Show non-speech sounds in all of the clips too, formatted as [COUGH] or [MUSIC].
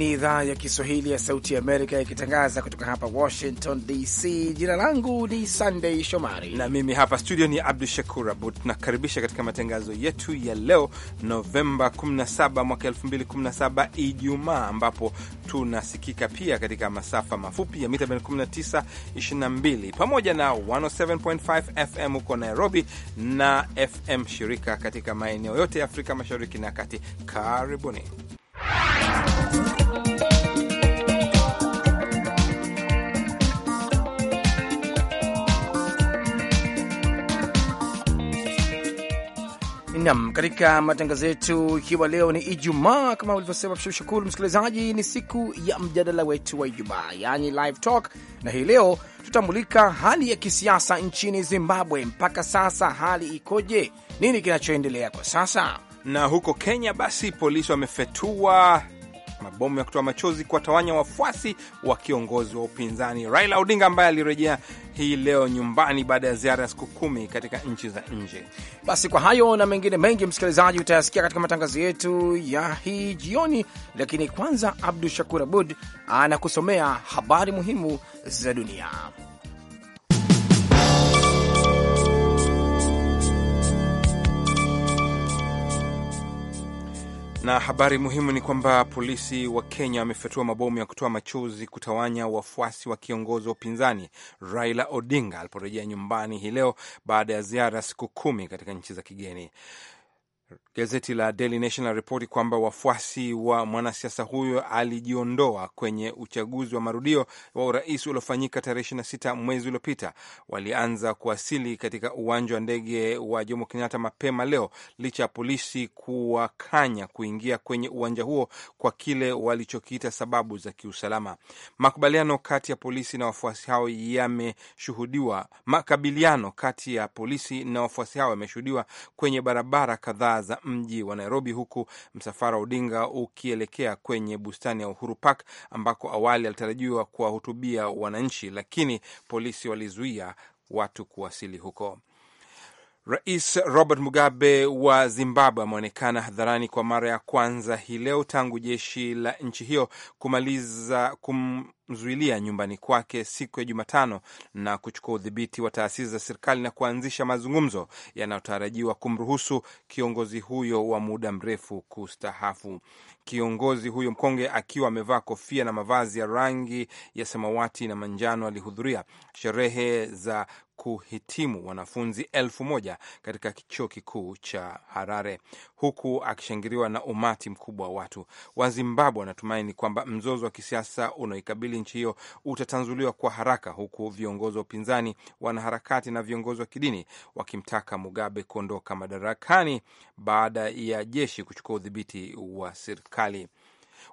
ni idhaa ya Kiswahili ya Sauti Amerika ikitangaza kutoka hapa Washington DC. Jina langu ni Sandey Shomari na mimi hapa studio ni Abdu Shakur Abud. Tunakaribisha katika matangazo yetu ya leo Novemba 17 mwaka 2017, Ijumaa, ambapo tunasikika pia katika masafa mafupi ya mita 19, 22 pamoja na 107.5 FM huko Nairobi na FM shirika katika maeneo yote ya Afrika Mashariki na Kati. Karibuni. Nam, katika matangazo yetu, ikiwa leo ni Ijumaa kama ulivyosema Shukuru msikilizaji, ni siku ya mjadala wetu wa Ijumaa, yaani live talk, na hii leo tutamulika hali ya kisiasa nchini Zimbabwe. Mpaka sasa hali ikoje? Nini kinachoendelea kwa sasa? Na huko Kenya basi polisi wamefetua mabomu ya kutoa machozi kuwatawanya wafuasi wa kiongozi wa upinzani Raila Odinga ambaye alirejea hii leo nyumbani baada ya ziara ya siku kumi katika nchi za nje. Basi kwa hayo na mengine mengi, msikilizaji, utayasikia katika matangazo yetu ya hii jioni, lakini kwanza Abdu Shakur Abud anakusomea habari muhimu za dunia. Na habari muhimu ni kwamba polisi wa Kenya wamefyatua mabomu ya kutoa machozi kutawanya wafuasi wa kiongozi wa upinzani Raila Odinga aliporejea nyumbani hii leo baada ya ziara ya siku kumi katika nchi za kigeni. Gazeti la Daily Nation laripoti kwamba wafuasi wa mwanasiasa huyo alijiondoa kwenye uchaguzi wa marudio wa urais uliofanyika tarehe 26 mwezi uliopita walianza kuwasili katika uwanja wa ndege wa Jomo Kenyatta mapema leo licha ya polisi kuwakanya kuingia kwenye uwanja huo kwa kile walichokiita sababu za kiusalama. Makubaliano kati ya polisi na wafuasi hao yameshuhudiwa, makabiliano kati ya polisi na wafuasi hao yameshuhudiwa kwenye barabara kadhaa za mji wa Nairobi, huku msafara wa Odinga ukielekea kwenye bustani ya Uhuru Park ambako awali alitarajiwa kuwahutubia wananchi, lakini polisi walizuia watu kuwasili huko. Rais Robert Mugabe wa Zimbabwe ameonekana hadharani kwa mara ya kwanza hii leo tangu jeshi la nchi hiyo kumaliza kum kumzuilia nyumbani kwake siku ya Jumatano na kuchukua udhibiti wa taasisi za serikali na kuanzisha mazungumzo yanayotarajiwa kumruhusu kiongozi huyo wa muda mrefu kustahafu. Kiongozi huyo mkongwe akiwa amevaa kofia na mavazi ya rangi ya samawati na manjano alihudhuria sherehe za kuhitimu wanafunzi elfu moja katika chuo kikuu cha Harare huku akishangiliwa na umati mkubwa wa watu. Wazimbabwe wanatumaini kwamba mzozo wa kisiasa unaoikabili nchi hiyo utatanzuliwa kwa haraka, huku viongozi wa upinzani, wanaharakati na viongozi wa kidini wakimtaka Mugabe kuondoka madarakani baada ya jeshi kuchukua udhibiti wa serikali.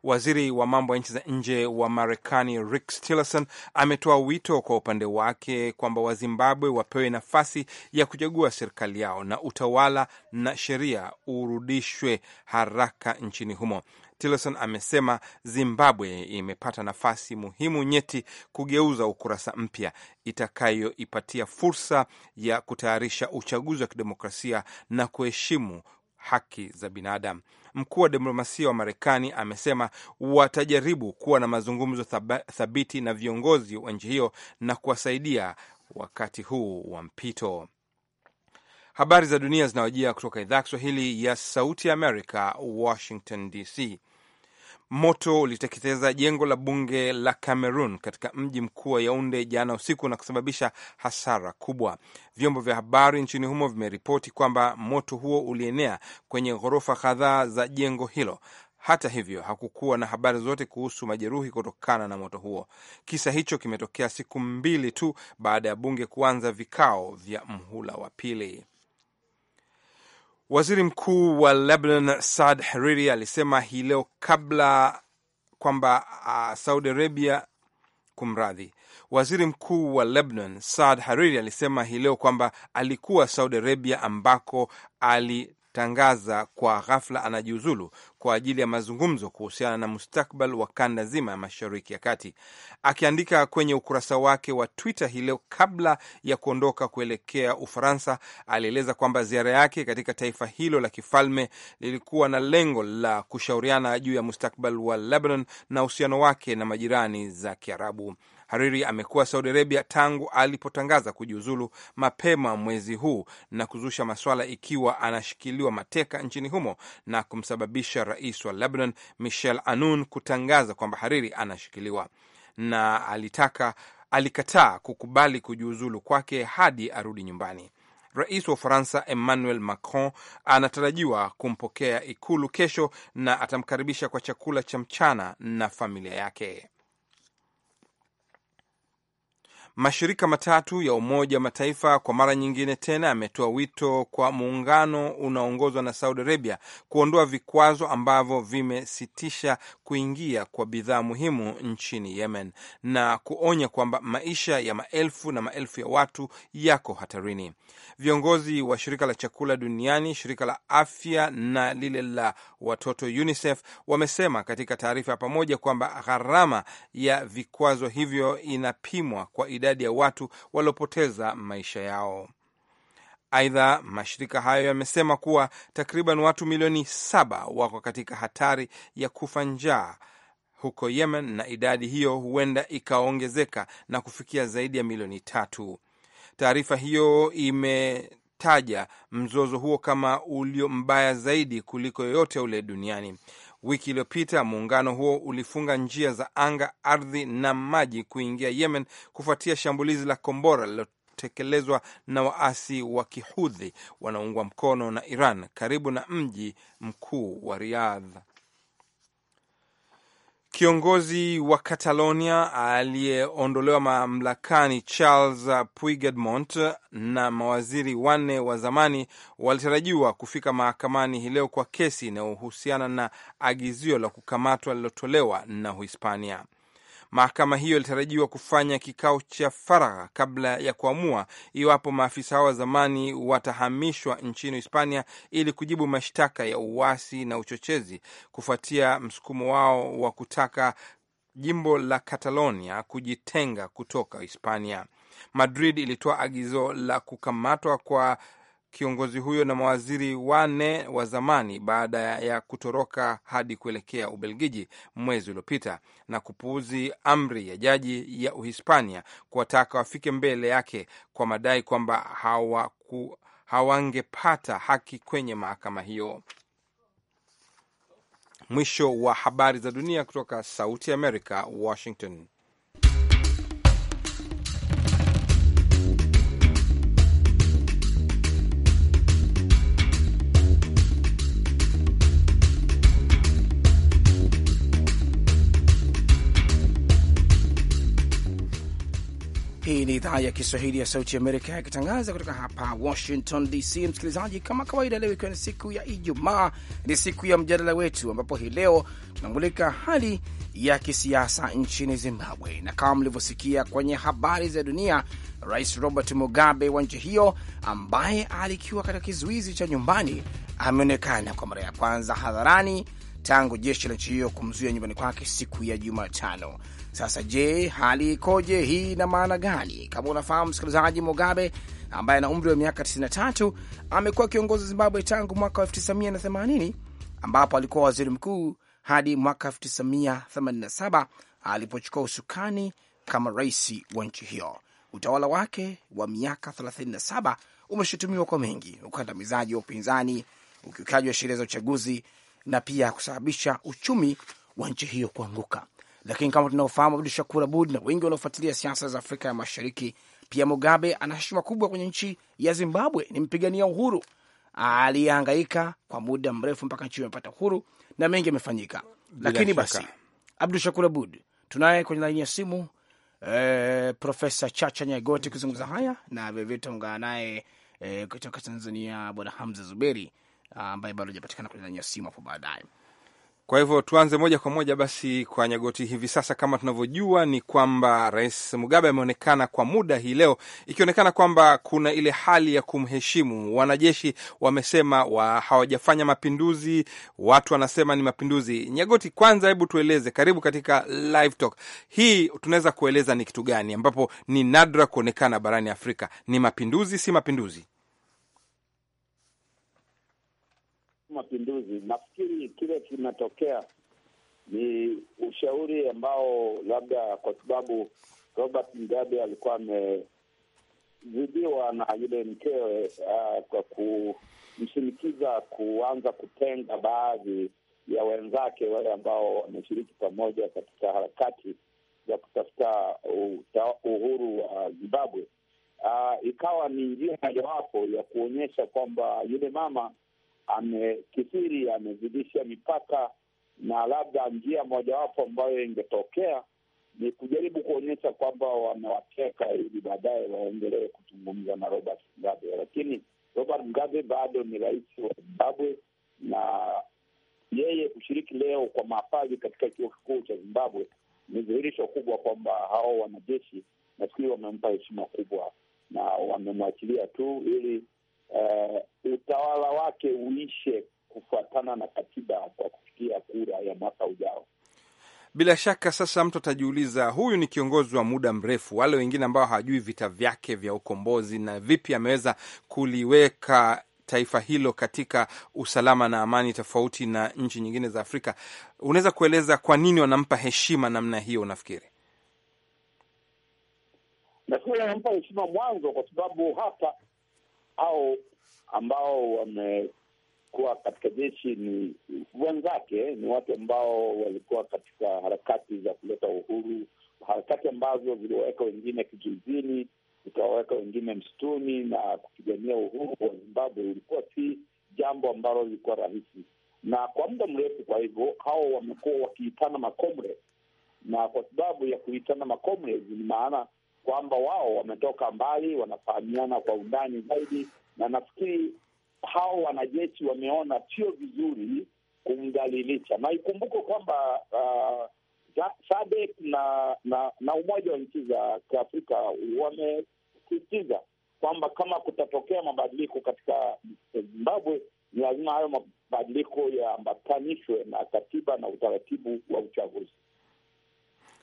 Waziri wa mambo ya nchi za nje wa Marekani Rick Tillerson ametoa wito kwa upande wake kwamba Wazimbabwe wapewe nafasi ya kuchagua serikali yao na utawala na sheria urudishwe haraka nchini humo. Tillerson amesema Zimbabwe imepata nafasi muhimu nyeti kugeuza ukurasa mpya itakayoipatia fursa ya kutayarisha uchaguzi wa kidemokrasia na kuheshimu haki za binadamu. Mkuu wa diplomasia wa Marekani amesema watajaribu kuwa na mazungumzo thabiti na viongozi wa nchi hiyo na kuwasaidia wakati huu wa mpito. Habari za dunia zinawajia kutoka idhaa ya Kiswahili ya Sauti ya Amerika, Washington DC. Moto uliteketeza jengo la bunge la Cameroon katika mji mkuu wa Yaunde jana usiku na kusababisha hasara kubwa. Vyombo vya habari nchini humo vimeripoti kwamba moto huo ulienea kwenye ghorofa kadhaa za jengo hilo. Hata hivyo hakukuwa na habari zote kuhusu majeruhi kutokana na moto huo. Kisa hicho kimetokea siku mbili tu baada ya bunge kuanza vikao vya mhula wa pili. Waziri Mkuu wa Lebanon Saad Hariri alisema hii leo kabla kwamba uh, Saudi Arabia kumradhi. Waziri Mkuu wa Lebanon Saad Hariri alisema hii leo kwamba alikuwa Saudi Arabia ambako ali tangaza kwa ghafla anajiuzulu kwa ajili ya mazungumzo kuhusiana na mustakbal wa kanda zima ya Mashariki ya Kati. Akiandika kwenye ukurasa wake wa Twitter hii leo kabla ya kuondoka kuelekea Ufaransa, alieleza kwamba ziara yake katika taifa hilo la kifalme lilikuwa na lengo la kushauriana juu ya mustakbal wa Lebanon na uhusiano wake na majirani za Kiarabu. Hariri amekuwa Saudi Arabia tangu alipotangaza kujiuzulu mapema mwezi huu na kuzusha maswala ikiwa anashikiliwa mateka nchini humo na kumsababisha rais wa Lebanon Michel Aoun kutangaza kwamba Hariri anashikiliwa na alitaka alikataa kukubali kujiuzulu kwake hadi arudi nyumbani. Rais wa Ufaransa Emmanuel Macron anatarajiwa kumpokea Ikulu kesho na atamkaribisha kwa chakula cha mchana na familia yake. Mashirika matatu ya Umoja wa Mataifa kwa mara nyingine tena yametoa wito kwa muungano unaoongozwa na Saudi Arabia kuondoa vikwazo ambavyo vimesitisha kuingia kwa bidhaa muhimu nchini Yemen na kuonya kwamba maisha ya maelfu na maelfu ya watu yako hatarini. Viongozi wa shirika la chakula duniani, shirika la afya na lile la watoto UNICEF wamesema katika taarifa ya pamoja kwamba gharama ya vikwazo hivyo inapimwa kwa idadi idadi ya watu waliopoteza maisha yao. Aidha, mashirika hayo yamesema kuwa takriban watu milioni saba wako katika hatari ya kufa njaa huko Yemen, na idadi hiyo huenda ikaongezeka na kufikia zaidi ya milioni tatu. Taarifa hiyo imetaja mzozo huo kama ulio mbaya zaidi kuliko yoyote ule duniani. Wiki iliyopita muungano huo ulifunga njia za anga, ardhi na maji kuingia Yemen kufuatia shambulizi la kombora lililotekelezwa na waasi wa Kihudhi wanaoungwa mkono na Iran karibu na mji mkuu wa Riyadh. Kiongozi wa Catalonia aliyeondolewa mamlakani Charles Puigdemont na mawaziri wanne wa zamani walitarajiwa kufika mahakamani hii leo kwa kesi inayohusiana na agizio la kukamatwa lililotolewa na Uhispania. Mahakama hiyo ilitarajiwa kufanya kikao cha faragha kabla ya kuamua iwapo maafisa hao wa zamani watahamishwa nchini Hispania ili kujibu mashtaka ya uasi na uchochezi kufuatia msukumo wao wa kutaka jimbo la Catalonia kujitenga kutoka Hispania. Madrid ilitoa agizo la kukamatwa kwa kiongozi huyo na mawaziri wanne wa zamani baada ya kutoroka hadi kuelekea Ubelgiji mwezi uliopita na kupuuzi amri ya jaji ya Uhispania kuwataka wafike mbele yake kwa madai kwamba hawaku hawangepata haki kwenye mahakama hiyo. Mwisho wa habari za dunia kutoka Sauti ya Amerika, Washington. Hii ni idhaa ya Kiswahili ya Sauti Amerika ikitangaza kutoka hapa Washington DC. Msikilizaji, kama kawaida, leo ikiwa ni siku ya Ijumaa, ni siku ya mjadala wetu, ambapo hii leo tunamulika hali ya kisiasa nchini Zimbabwe, na kama mlivyosikia kwenye habari za dunia, Rais Robert Mugabe wa nchi hiyo ambaye alikiwa katika kizuizi cha nyumbani ameonekana kwa mara ya kwanza hadharani tangu jeshi la nchi hiyo kumzuia nyumbani kwake siku ya Jumatano. Sasa je, hali ikoje? Hii ina maana gani? Kama unafahamu msikilizaji, Mugabe ambaye ana umri wa miaka 93 amekuwa kiongozi wa Zimbabwe tangu mwaka 1980 ambapo alikuwa waziri mkuu hadi mwaka 1987 alipochukua usukani kama rais wa nchi hiyo. Utawala wake wa miaka 37 umeshutumiwa kwa mengi: ukandamizaji wa upinzani, ukiukaji wa sheria za uchaguzi na pia kusababisha uchumi wa nchi hiyo kuanguka. Lakini kama tunaofahamu, Abdu Shakur Abud, na wengi wanaofuatilia siasa za Afrika ya Mashariki, pia Mugabe ana heshima kubwa kwenye nchi ya Zimbabwe. Ni mpigania uhuru aliyehangaika kwa muda mrefu mpaka nchi imepata uhuru na mengi yamefanyika. Lakini basi, Abdu Shakur Abud, tunaye kwenye laini ya simu eh, Profesa Chacha Nyagoti kuzungumza haya na vilevile tutaungana naye eh, kutoka Tanzania, Bwana Hamza Zuberi ambaye ah, bado hajapatikana kwenye laini ya simu hapo baadaye. Kwa hivyo tuanze moja kwa moja basi kwa Nyagoti. Hivi sasa kama tunavyojua ni kwamba Rais Mugabe ameonekana kwa muda hii leo, ikionekana kwamba kuna ile hali ya kumheshimu. Wanajeshi wamesema wa hawajafanya mapinduzi, watu wanasema ni mapinduzi. Nyagoti, kwanza hebu tueleze, karibu katika Live Talk hii, tunaweza kueleza ni kitu gani ambapo ni nadra kuonekana barani Afrika? Ni mapinduzi, si mapinduzi? mapinduzi, nafikiri kile kimetokea ni ushauri ambao labda kwa sababu Robert Mugabe alikuwa amezidiwa na yule mkewe uh, kwa kumshinikiza kuanza kutenga baadhi ya wenzake wale ambao wameshiriki pamoja katika harakati za kutafuta uhuru wa uh, Zimbabwe. Uh, ikawa ni njia mojawapo ya kuonyesha kwamba yule mama amekithiri, amezidisha mipaka, na labda njia mojawapo ambayo ingetokea ni kujaribu kuonyesha kwamba wamewateka ili baadaye waendelee kuzungumza na Robert Mugabe. Lakini Robert Mugabe bado ni rais wa Zimbabwe, na yeye kushiriki leo kwa maafali katika chuo kikuu cha Zimbabwe ni dhihirisho kubwa kwamba hao wanajeshi nafikiri wamempa heshima kubwa na wamemwachilia tu ili uh, utawala wake uishe kufuatana na katiba kwa kufikia kura ya mwaka ujao. Bila shaka sasa mtu atajiuliza, huyu ni kiongozi wa muda mrefu. Wale wengine ambao hawajui vita vyake vya ukombozi na vipi ameweza kuliweka taifa hilo katika usalama na amani, tofauti na nchi nyingine za Afrika, unaweza kueleza kwa nini wanampa heshima namna hiyo? Unafikiri? Nafikiri wanampa heshima mwanzo, kwa sababu hapa hao ambao wamekuwa katika jeshi ni wenzake, ni watu ambao walikuwa katika harakati za kuleta uhuru, harakati ambazo ziliwaweka wengine kizuizini, zikawaweka wengine msituni, na kupigania uhuru wa Zimbabwe ulikuwa si jambo ambalo lilikuwa rahisi na kwa muda mrefu. Kwa hivyo hao wamekuwa wakiitana makomre, na kwa sababu ya kuitana makomre ni maana kwamba wao wametoka mbali, wanafahamiana kwa undani zaidi, na nafikiri hao wanajeshi wameona sio vizuri kumdhalilisha, na ikumbuke kwamba uh, SADC na, na na Umoja wa Nchi za Kiafrika wamesisitiza kwamba kama kutatokea mabadiliko katika Zimbabwe ni lazima hayo mabadiliko yaambatanishwe na katiba na utaratibu wa uchaguzi.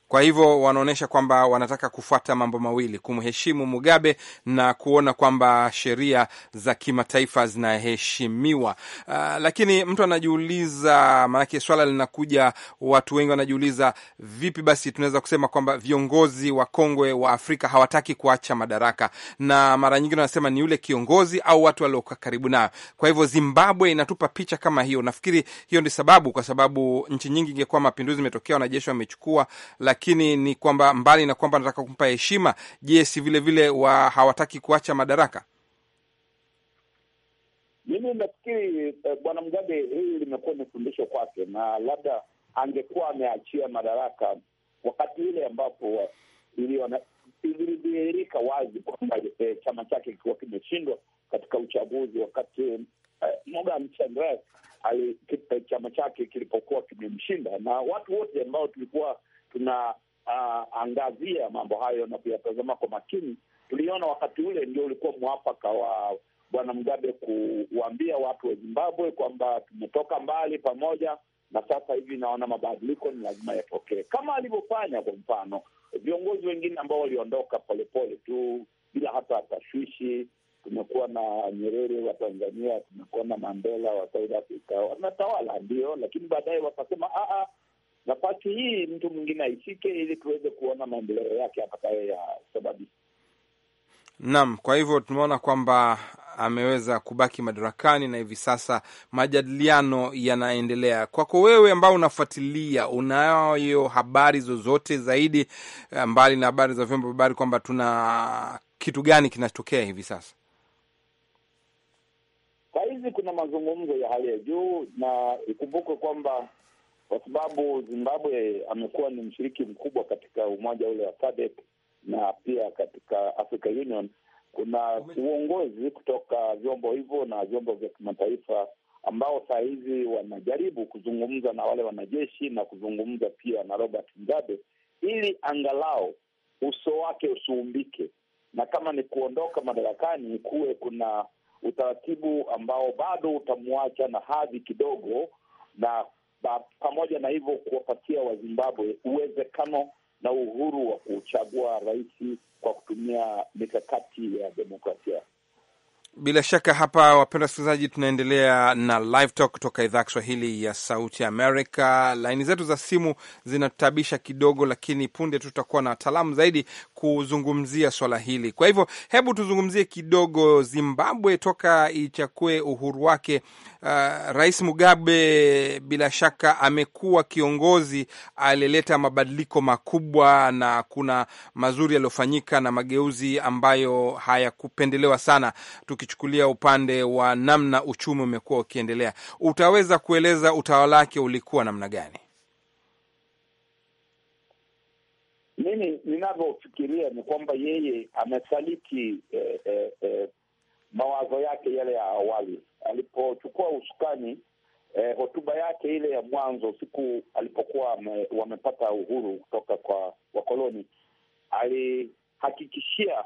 Kwa hivyo wanaonyesha kwamba wanataka kufuata mambo mawili, kumheshimu Mugabe na kuona kwamba sheria za kimataifa zinaheshimiwa. Uh, lakini mtu anajiuliza, maanake swala linakuja, watu wengi wanajiuliza, vipi basi tunaweza kusema kwamba viongozi wakongwe wa Afrika hawataki kuacha madaraka, na mara nyingine wanasema ni yule kiongozi au watu waliokuwa karibu nayo. Kwa hivyo Zimbabwe inatupa picha kama hiyo. Nafikiri hiyo ndi sababu, kwa sababu nchi nyingi ingekuwa mapinduzi imetokea, wanajeshi wamechukua lakini ni kwamba mbali na kwamba anataka kumpa heshima, je, si vilevile wa hawataki kuacha madaraka? Mimi nafikiri eh, bwana Mugabe hili limekuwa ni fundisho kwake, na labda angekuwa ameachia madaraka wakati ule ambapo eh, ilidhihirika wazi kwamba e, chama chake kikiwa kimeshindwa katika uchaguzi, wakati Morgan Tsvangirai chama chake kilipokuwa kimemshinda, na watu wote ambao tulikuwa tunaangazia uh, mambo hayo na kuyatazama kwa makini. Tuliona wakati ule ndio ulikuwa mwafaka wa Bwana Mugabe kuwaambia watu wa Zimbabwe kwamba tumetoka mbali pamoja, na sasa hivi naona mabadiliko ni lazima yatokee, kama alivyofanya kwa mfano viongozi wengine ambao waliondoka polepole tu bila hata tashwishi. Tumekuwa na Nyerere wa Tanzania, tumekuwa na Mandela wa South Africa, wanatawala ndio, lakini baadaye wakasema ah, ah, nafasi hii mtu mwingine aishike, ili tuweze kuona maendeleo yake atakayo ya Naam, kwa hivyo tumeona kwamba ameweza kubaki madarakani na hivi sasa majadiliano yanaendelea. Kwako wewe ambao unafuatilia, unayo habari zozote zaidi eh, mbali na habari za vyombo vya habari kwamba tuna kitu gani kinatokea hivi sasa? kwa hizi kuna mazungumzo ya hali ya juu, na ikumbukwe kwamba kwa sababu Zimbabwe amekuwa ni mshiriki mkubwa katika umoja ule wa SADC na pia katika Africa Union. Kuna uongozi kutoka vyombo hivyo na vyombo vya kimataifa ambao saa hizi wanajaribu kuzungumza na wale wanajeshi na kuzungumza pia na Robert Mugabe ili angalau uso wake usuumbike, na kama ni kuondoka madarakani, kuwe kuna utaratibu ambao bado utamwacha na hadhi kidogo na pamoja na hivyo kuwapatia Wazimbabwe uwezekano na uhuru wa kuchagua rais kwa kutumia mikakati ya demokrasia. Bila shaka hapa, wapenda wasikilizaji, tunaendelea na live talk kutoka idhaa ya Kiswahili ya sauti Amerika. Laini zetu za simu zinatutabisha kidogo, lakini punde tutakuwa na wataalamu zaidi kuzungumzia swala hili. Kwa hivyo, hebu tuzungumzie kidogo Zimbabwe toka ichakue uhuru wake. Uh, Rais Mugabe bila shaka amekuwa kiongozi aliyeleta mabadiliko makubwa, na kuna mazuri yaliyofanyika na mageuzi ambayo hayakupendelewa sana Tuki ukichukulia upande wa namna uchumi umekuwa ukiendelea, utaweza kueleza utawala wake ulikuwa namna gani? Mimi ninavyofikiria ni kwamba yeye amesaliti eh, eh, eh, mawazo yake yale ya awali alipochukua usukani. Eh, hotuba yake ile ya mwanzo siku alipokuwa me, wamepata uhuru kutoka kwa wakoloni, alihakikishia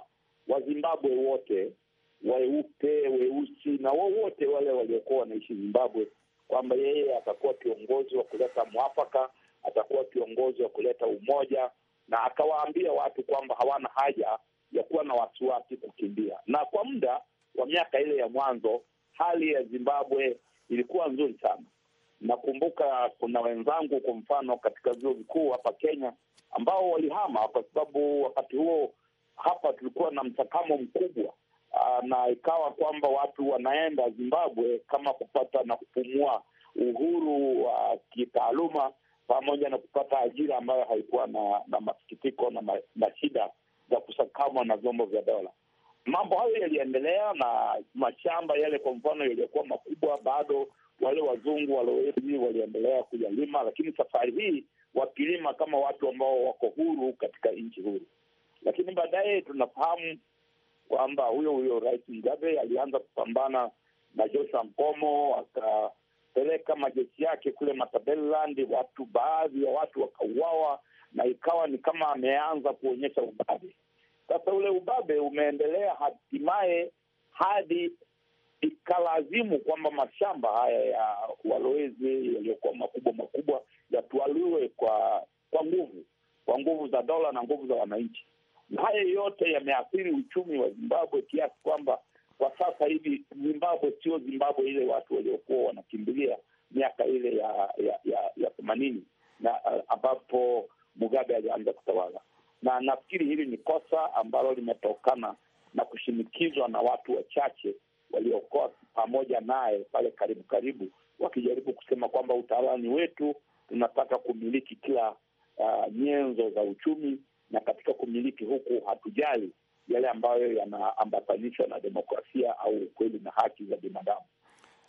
Wazimbabwe wote weupe, weusi na wowote wale waliokuwa wanaishi Zimbabwe, kwamba yeye atakuwa kiongozi wa kuleta mwafaka, atakuwa kiongozi wa kuleta umoja, na akawaambia watu kwamba hawana haja ya kuwa na wasiwasi kukimbia. Na kwa muda wa miaka ile ya mwanzo hali ya Zimbabwe ilikuwa nzuri sana. Nakumbuka kuna wenzangu kwa mfano katika vyuo vikuu hapa Kenya ambao walihama kwa sababu wakati huo hapa tulikuwa na msakamo mkubwa Ah, na ikawa kwamba watu wanaenda Zimbabwe kama kupata na kupumua uhuru wa uh, kitaaluma pamoja na kupata ajira ambayo haikuwa na, na masikitiko na, ma, na shida za kusakamwa na vyombo vya dola. Mambo hayo yaliendelea, na mashamba yale kwa mfano yaliyokuwa makubwa bado wale wazungu walowezi waliendelea kuyalima, lakini safari hii wakilima kama watu ambao wako huru katika nchi huru. Lakini baadaye tunafahamu kwamba huyo huyo Rais Mugabe alianza kupambana na Joshua Mkomo, akapeleka majeshi yake kule Matabeleland, watu baadhi ya watu wakauawa, na ikawa ni kama ameanza kuonyesha ubabe. Sasa ule ubabe umeendelea hatimaye hadi ikalazimu kwamba mashamba haya ya walowezi yaliyokuwa makubwa makubwa yatwaliwe kwa kwa nguvu, kwa nguvu za dola na nguvu za wananchi na haya yote yameathiri uchumi wa Zimbabwe kiasi kwamba kwa sasa hivi Zimbabwe sio Zimbabwe ile watu waliokuwa wanakimbilia miaka ile ya themanini ya, ya, na uh, ambapo Mugabe alianza kutawala, na nafikiri hili ni kosa ambalo limetokana na kushinikizwa na watu wachache waliokuwa pamoja naye pale karibu karibu, wakijaribu kusema kwamba utawala ni wetu, tunataka kumiliki kila uh, nyenzo za uchumi na katika kumiliki huku hatujali yale ambayo yanaambatanishwa na demokrasia au ukweli na haki za binadamu.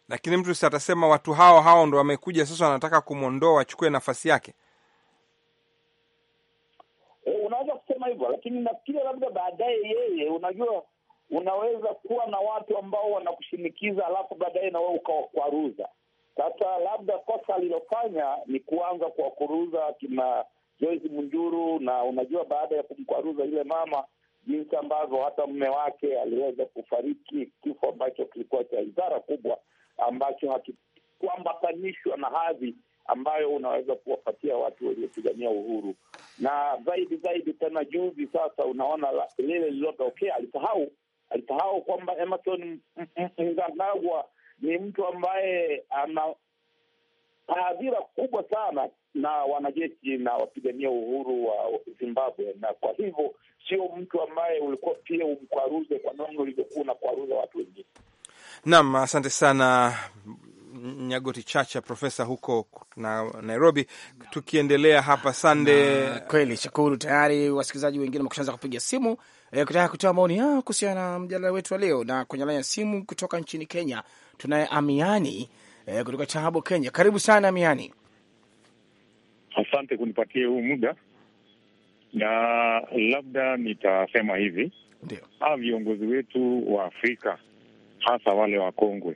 Lakini mtu si atasema watu hao hao ndo wamekuja sasa, wanataka kumwondoa wachukue nafasi yake. E, unaweza kusema hivyo, lakini nafikiria labda baadaye yeye, unajua, unaweza kuwa na watu ambao wanakushinikiza, alafu baadaye na wewe ukawakwaruza. Sasa labda kosa alilofanya ni kuanza kuwakuruza kina Joyce Munjuru, na unajua baada ya kumkwaruza yule mama jinsi ambavyo hata mme wake aliweza kufariki kifo ambacho kilikuwa cha idhara kubwa, ambacho hakikuambatanishwa na hadhi ambayo unaweza kuwapatia watu waliopigania uhuru. Na zaidi zaidi tena, juzi sasa, unaona lile lililotokea, alisahau alisahau kwamba Emerson Mnangagwa ni mtu ambaye ana taadhira kubwa sana na wanajeshi na wapigania uhuru wa Zimbabwe, na kwa hivyo sio mtu ambaye ulikuwa pia umkwaruze kwa namna ulivyokuwa unakwaruza watu wengine. Naam, asante sana Nyagoti Chacha, profesa huko na Nairobi. Tukiendelea hapa Sande, kweli shukuru, tayari wasikilizaji wengine wamekushaanza kupiga simu e, kutaka kutoa maoni yao kuhusiana na mjadala wetu wa leo. Na kwenye laini ya simu kutoka nchini Kenya tunaye Amiani e, kutoka Tabo, Kenya. Karibu sana Amiani. Asante kunipatia huu muda, na labda nitasema hivi, hawa viongozi wetu wa Afrika hasa wale wakongwe,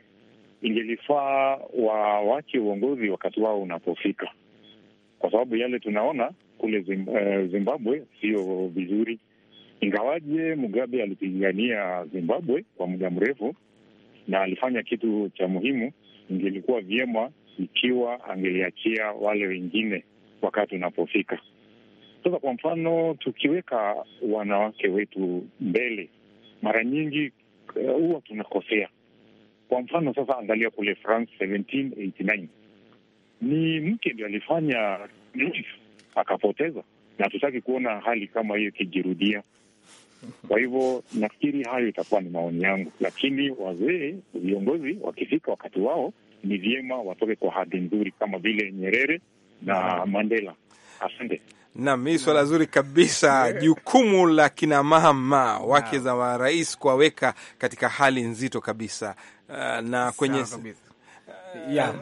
ingelifaa wawache uongozi wakati wao unapofika, kwa sababu yale tunaona kule eh, Zimbabwe sio vizuri. Ingawaje Mugabe alipigania Zimbabwe kwa muda mrefu na alifanya kitu cha muhimu, ingelikuwa vyema ikiwa angeliachia wale wengine wakati unapofika. Sasa kwa mfano, tukiweka wanawake wetu mbele, mara nyingi eh, huwa uh, tunakosea. Kwa mfano sasa, angalia kule France 1789 ni mke ndio alifanya akapoteza, na hatutaki kuona hali kama hiyo ikijirudia. Kwa hivyo nafikiri hayo itakuwa ni maoni yangu, lakini wazee viongozi wakifika wakati wao, ni vyema watoke kwa hadhi nzuri kama vile Nyerere na Mandela. Asante. Nam, hii swala zuri kabisa, jukumu la kinamama wake za marais kuwaweka katika hali nzito kabisa. Uh, na kwenye uh,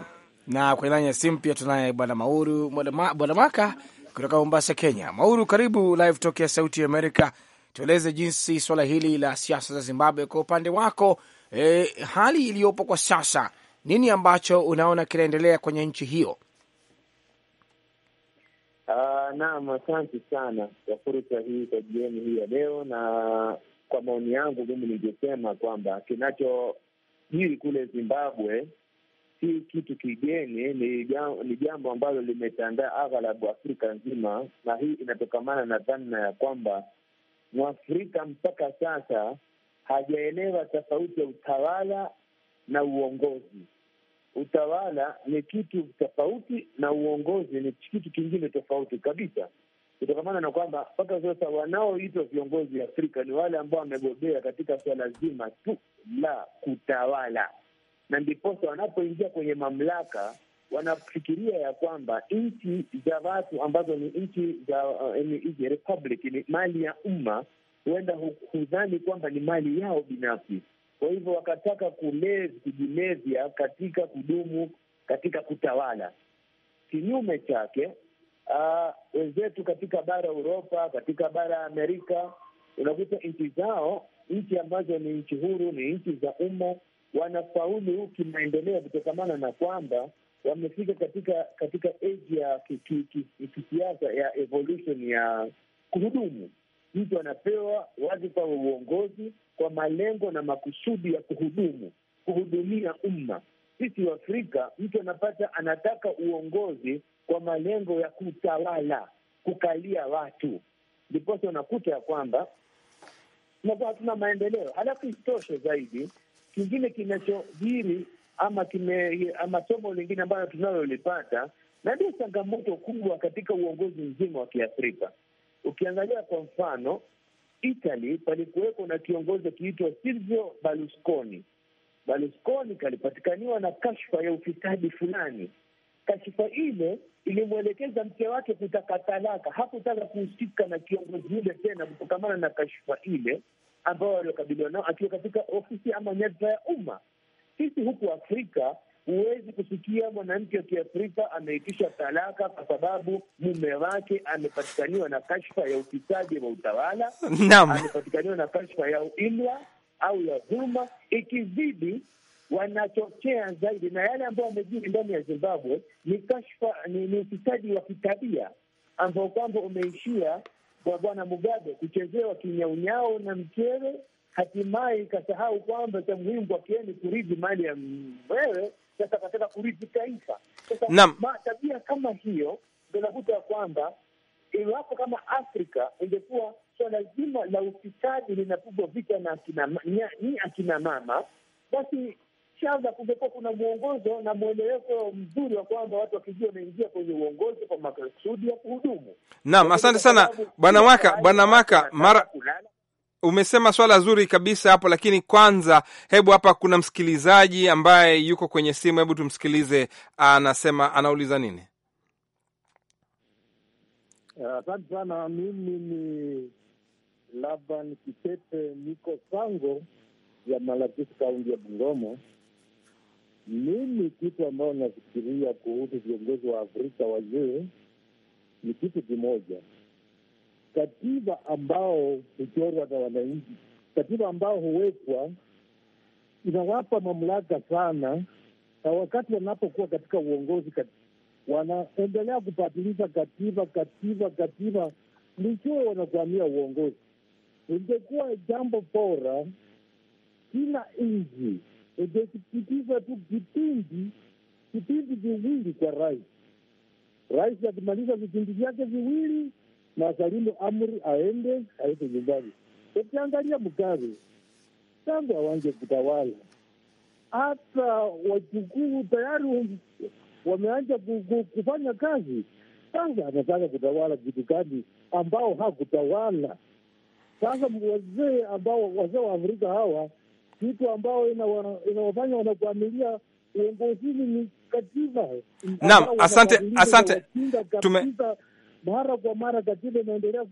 Na kwenye laini ya simu pia tunaye bwana Mauru bwana Maka kutoka Mombasa, Kenya. Mauru, karibu live talk ya Sauti ya Amerika. Tueleze jinsi swala hili la siasa za Zimbabwe kwa upande wako, eh, hali iliyopo kwa sasa, nini ambacho unaona kinaendelea kwenye nchi hiyo Uh, naam, asante sana kwa fursa hii kwa jioni hii ya leo, na kwa maoni yangu mimi ningesema kwamba kinachojiri kule Zimbabwe si kitu kigeni, ni jambo ambalo limetandaa aghalabu Afrika nzima, na hii inatokamana na dhana ya kwamba Mwafrika mpaka sasa hajaelewa tofauti ya utawala na uongozi utawala ni kitu tofauti na uongozi ni kitu kingine tofauti kabisa, kutokamana na kwamba mpaka sasa wanaoitwa viongozi Afrika ni wale ambao wamebobea katika swala zima tu la kutawala, na ndiposa wanapoingia kwenye mamlaka wanafikiria ya kwamba nchi za watu ambazo ni nchi za uh, republic ni mali ya umma, huenda hudhani kwamba ni mali yao binafsi kwa hivyo wakataka kulezi, kujilezya katika kudumu katika kutawala. Kinyume chake, uh, wenzetu katika bara ya Uropa, katika bara ya Amerika, unakuta nchi zao, nchi ambazo ni nchi huru, ni nchi za umma, wanafaulu kimaendeleo kutokamana na kwamba wamefika katika katika age ya kisiasa ya evolution ya kuhudumu. Mtu anapewa wadhifa wa uongozi kwa malengo na makusudi ya kuhudumu, kuhudumia umma. Sisi Waafrika, mtu anapata anataka uongozi kwa malengo ya kutawala, kukalia watu, ndiposa unakuta ya kwamba tunakuwa hatuna maendeleo. Halafu isitoshe zaidi, kingine kinachojiri ama kime, ama somo lingine ambayo tunalolipata na ndio changamoto kubwa katika uongozi mzima wa Kiafrika. Ukiangalia kwa mfano Italy palikuweko na kiongozi akiitwa Silvio Berlusconi. Berlusconi kalipatikaniwa na kashfa ya ufisadi fulani. Kashfa ile ilimwelekeza mke wake kutaka talaka, hakutaka kuhusika na kiongozi yule tena, kutokamana na kashfa ile ambayo waliokabiliwa nao akiwa katika ofisi ama nyadhifa ya umma. Sisi huku Afrika Huwezi kusikia mwanamke wa Kiafrika ameitisha talaka kwa sababu mume wake amepatikaniwa na kashfa ya ufisadi wa utawala, amepatikaniwa na kashfa ya uimla au ya dhuluma. Ikizidi wanachochea zaidi, na yale ambayo wamejiri ndani ya Zimbabwe ni kashfa, ni ufisadi wa kitabia ambao kwamba umeishia kwa Bwana Mugabe kuchezewa kinyaunyao na mkewe hatimaye ikasahau kwamba cha muhimu kwake ni kuridhi mali ya mwewe sasa kataka kurithi taifa. Sasa tabia kama hiyo ya kwamba iwapo kama Afrika ingekuwa swala zima la ufisadi linapigwa vita na akina, ni akina mama, basi shaza kungekuwa kuna mwongozo na mweleweko mzuri wa kwamba watu wakijua wanaingia kwenye uongozi kwa makusudi ya kuhudumu. Naam, asante sana bwana Maka, bwana Maka mara Umesema swala zuri kabisa hapo, lakini kwanza, hebu hapa kuna msikilizaji ambaye yuko kwenye simu, hebu tumsikilize. Anasema, anauliza nini? Asante uh, sana. Mimi ni Laban Kitete, niko Sango ya Malakisi, kaunti ya Bungomo. Mimi kitu ambayo nafikiria kuhusu viongozi wa Afrika wazee ni kitu kimoja katiba ambao huchorwa na wananchi, katiba ambao huwekwa inawapa mamlaka sana, na wakati wanapokuwa katika uongozi kat... wanaendelea kupatiliza katiba, katiba, katiba, mwishowe wanakwamia uongozi. Ingekuwa jambo bora kila nchi ingesipikiza tu kipindi kipindi viwili kwa rais. Rais akimaliza vipindi vyake viwili na salimu amri aende aende nyumbani. Ukiangalia Mugabe tangu awanje kutawala, hata wajukuu tayari wameanja kufanya kazi. Sasa anataka kutawala kitu gani ambao hakutawala? Sasa wazee ambao wazee wa Afrika hawa kitu ambao inawafanya wanakuamilia uongozini ni katiba. Naam, asante asante, tume mara kwa mara katiba inaendelea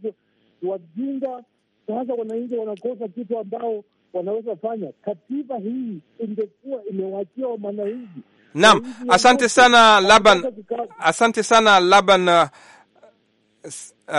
kuwajinga. Sasa wananchi wanakosa kitu ambao wanaweza fanya. Katiba hii ingekuwa imewachia wananchi. Naam, asante sana Laban, asante sana Laban. Uh,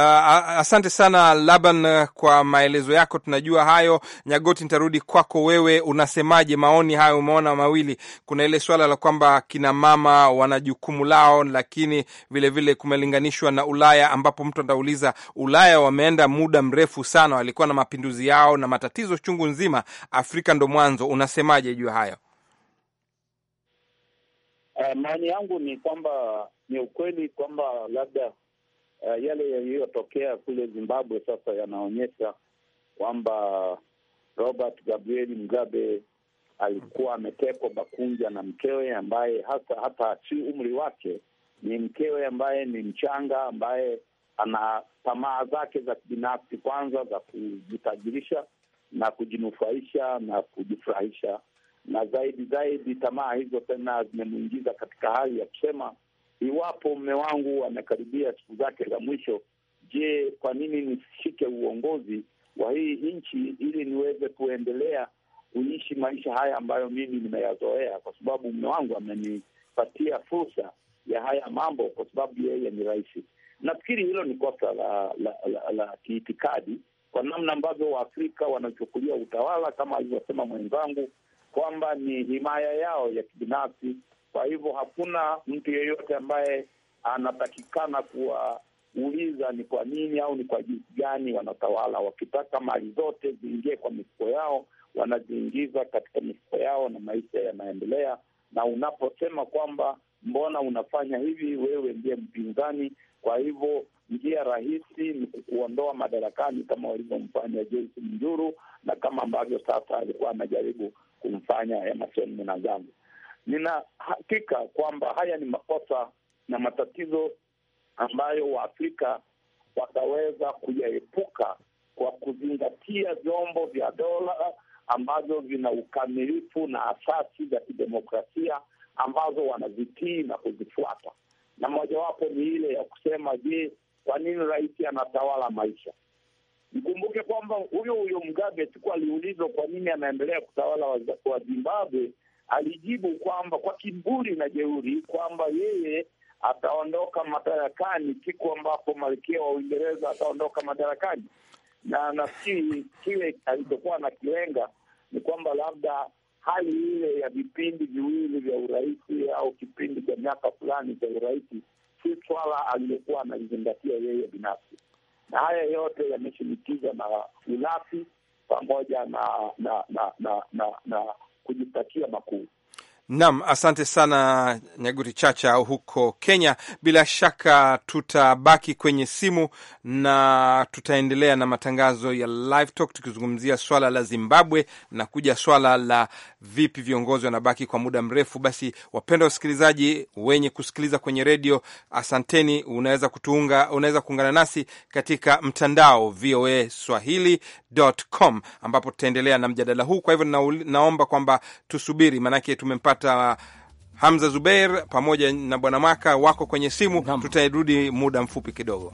asante sana Laban uh, kwa maelezo yako, tunajua hayo. Nyagoti, nitarudi kwako wewe, unasemaje maoni hayo? Umeona mawili, kuna ile swala la kwamba kina mama wana jukumu lao, lakini vilevile kumelinganishwa na Ulaya ambapo mtu atauliza, Ulaya wameenda muda mrefu sana, walikuwa na mapinduzi yao na matatizo chungu nzima, Afrika ndo mwanzo. Unasemaje juu hayo? Uh, maoni yangu ni kwamba ni ukweli kwamba labda uh, yale yaliyotokea kule Zimbabwe sasa yanaonyesha kwamba Robert Gabriel Mugabe alikuwa ametekwa Bakunja na mkewe ambaye hata hata si umri wake, ni mkewe ambaye ni mchanga, ambaye ana tamaa zake za kibinafsi kwanza za kujitajirisha na kujinufaisha na kujifurahisha, na zaidi zaidi tamaa hizo tena zimemwingiza katika hali ya kusema iwapo mme wangu amekaribia siku zake za mwisho, je, kwa nini nishike uongozi wa hii nchi ili niweze kuendelea kuishi maisha haya ambayo mimi nimeyazoea, kwa sababu mme wangu amenipatia fursa ya haya mambo, kwa sababu yeye ni rais. Nafikiri hilo ni kosa la, la, la, la kiitikadi kwa namna ambavyo Waafrika wanachukulia utawala, kama alivyosema mwenzangu kwamba ni himaya yao ya kibinafsi kwa hivyo hakuna mtu yeyote ambaye anatakikana kuwauliza ni kwa nini au ni kwa jinsi gani wanatawala. Wakitaka mali zote ziingie kwa mifuko yao, wanaziingiza katika mifuko yao na maisha yanaendelea. Na unaposema kwamba mbona unafanya hivi, wewe ndiye mpinzani. Kwa hivyo njia rahisi ni kukuondoa madarakani kama walivyomfanya Joyce Mjuru na kama ambavyo sasa alikuwa anajaribu kumfanya Emmerson Mnangagwa. Nina hakika kwamba haya ni makosa na matatizo ambayo Waafrika wataweza kuyaepuka kwa kuzingatia vyombo vya dola ambavyo vina ukamilifu na asasi za kidemokrasia ambazo wanazitii na kuzifuata, na mojawapo ni ile ya kusema, je, kwa nini rais anatawala maisha? Mkumbuke kwamba huyo huyo mgabe siku aliulizwa kwa nini anaendelea kutawala wa Zimbabwe, alijibu kwamba kwa kiburi na jeuri kwamba yeye ataondoka madarakani siku ambapo malkia wa Uingereza ataondoka madarakani, na nafikiri kile alichokuwa na kilenga ni kwamba labda hali ile ya vipindi viwili vya urais au kipindi cha miaka fulani cha urais si swala alilokuwa analizingatia yeye binafsi, na haya yote yameshinikizwa na ulafi pamoja na na na na na, na, na kujipatia makuu. Naam, asante sana Nyaguri Chacha huko Kenya. Bila shaka tutabaki kwenye simu na tutaendelea na matangazo ya Live Talk tukizungumzia swala la Zimbabwe na kuja swala la vipi viongozi wanabaki kwa muda mrefu. Basi wapenda wasikilizaji wenye kusikiliza kwenye redio, asanteni. Unaweza kutuunga, unaweza kuungana nasi katika mtandao VOA swahili.com ambapo tutaendelea na mjadala huu. Kwa hivyo naomba kwamba tusubiri, maanake tumempata Hamza Zubeir pamoja na Bwana Mwaka wako kwenye simu. Tutarudi muda mfupi kidogo.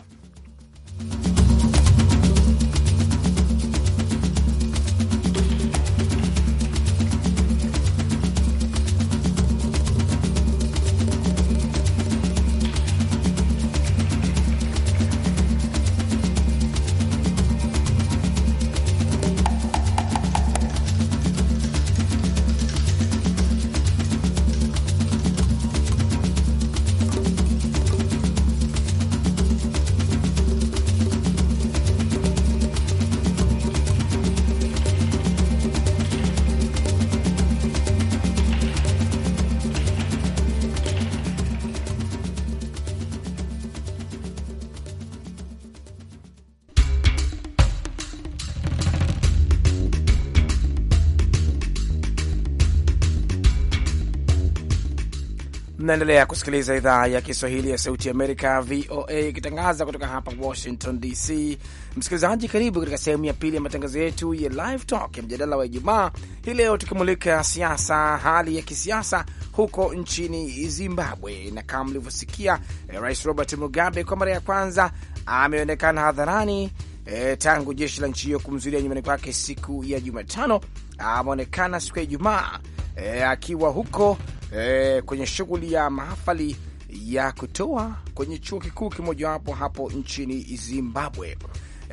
Mnaendelea kusikiliza idhaa ya Kiswahili ya Sauti Amerika, VOA, ikitangaza kutoka hapa Washington DC. Msikilizaji, karibu katika sehemu ya pili ya matangazo yetu ya Live Talk ya mjadala wa Ijumaa hii leo, tukimulika siasa, hali ya kisiasa huko nchini Zimbabwe. Na kama mlivyosikia, eh, Rais Robert Mugabe kwa mara ya kwanza ameonekana hadharani E, tangu jeshi la nchi hiyo kumzuilia nyumbani kwake siku ya Jumatano, ameonekana siku ya Ijumaa e, akiwa huko eh, kwenye shughuli ya mahafali ya kutoa kwenye chuo kikuu kimojawapo hapo nchini Zimbabwe.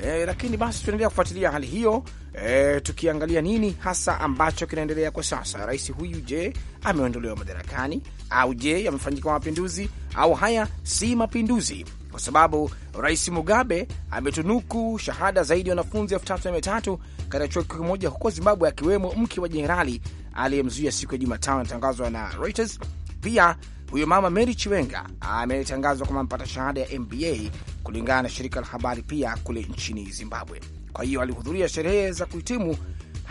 E, lakini basi tunaendelea kufuatilia hali hiyo e, tukiangalia nini hasa ambacho kinaendelea kwa sasa. Rais huyu je, ameondolewa madarakani au je, yamefanyika mapinduzi au haya si mapinduzi? Kwa sababu Rais Mugabe ametunuku shahada zaidi ya wanafunzi elfu tatu na mia tatu katika chuo kikuu kimoja huko Zimbabwe, akiwemo mke wa jenerali aliyemzuia siku ya Jumatano anatangazwa na Reuters. Pia huyo mama Mary Chiwenga ametangazwa kama mpata shahada ya MBA kulingana na shirika la habari pia kule nchini Zimbabwe. Kwa hiyo alihudhuria sherehe za kuhitimu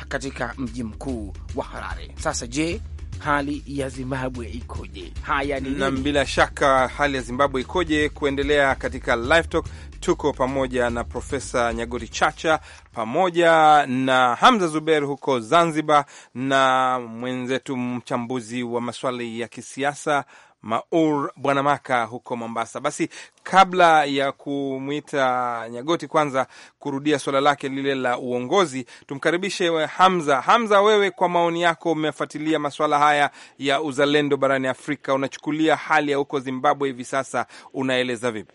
katika mji mkuu wa Harare. Sasa je, hali ya Zimbabwe ikoje? Haya ni nam, bila shaka hali ya Zimbabwe ikoje kuendelea katika live talk. Tuko pamoja na Profesa Nyagori Chacha pamoja na Hamza Zuber huko Zanzibar na mwenzetu mchambuzi wa maswali ya kisiasa Maur Bwana Maka huko Mombasa. Basi kabla ya kumwita Nyagoti, kwanza kurudia suala lake lile la uongozi, tumkaribishe Hamza. Hamza, wewe kwa maoni yako, umefuatilia masuala haya ya uzalendo barani Afrika, unachukulia hali ya huko Zimbabwe hivi sasa, unaeleza vipi?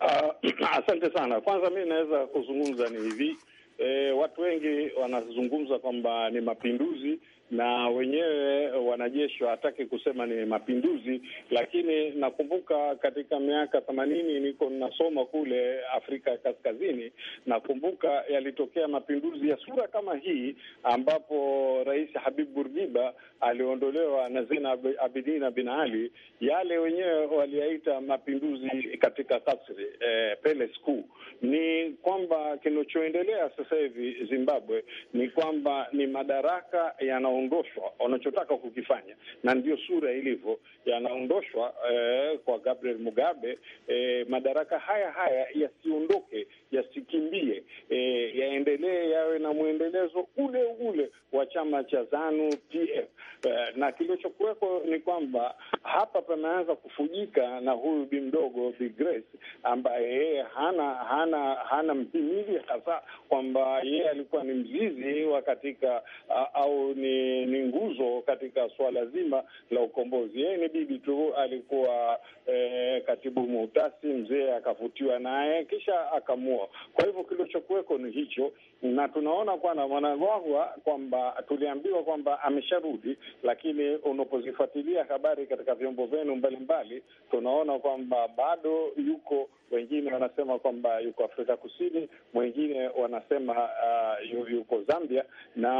Uh, [CLEARS THROAT] asante sana. Kwanza mi naweza kuzungumza ni hivi, e, watu wengi wanazungumza kwamba ni mapinduzi na wenyewe wanajeshi hawataki kusema ni mapinduzi, lakini nakumbuka katika miaka themanini niko ninasoma kule Afrika ya Kaskazini, nakumbuka yalitokea mapinduzi ya sura kama hii, ambapo Rais Habib Burgiba aliondolewa na Zine Abidina Bin Ali. Yale wenyewe waliyaita mapinduzi katika kasri eh, palace Ni kwamba kinachoendelea sasa hivi Zimbabwe ni kwamba ni madaraka yana yanaondoshwa wanachotaka kukifanya, na ndio sura ilivyo, yanaondoshwa eh, kwa Gabriel Mugabe eh, madaraka haya haya yasiondoke, yasikimbie, eh, yaendelee, yawe na mwendelezo ule ule wa chama cha Zanu PF eh, na kilichokuwekwa ni kwamba hapa pameanza kufujika na huyu bi mdogo Bi Grace ambaye yeye hana hana hana mhimili hasa, kwamba yeye alikuwa ni mzizi wa katika uh, au ni ni, nguzo katika swala zima la ukombozi. Yeye ni bibi tu, alikuwa e, katibu muhtasi mzee, akavutiwa naye kisha akamua. Kwa hivyo kilichokuweko ni hicho, na tunaona kwana Mwanagwagwa kwamba tuliambiwa kwamba amesharudi, lakini unapozifuatilia habari katika vyombo vyenu mbalimbali, tunaona kwamba bado yuko wengine wanasema kwamba yuko Afrika Kusini, mwengine wanasema uh, yuko Zambia, na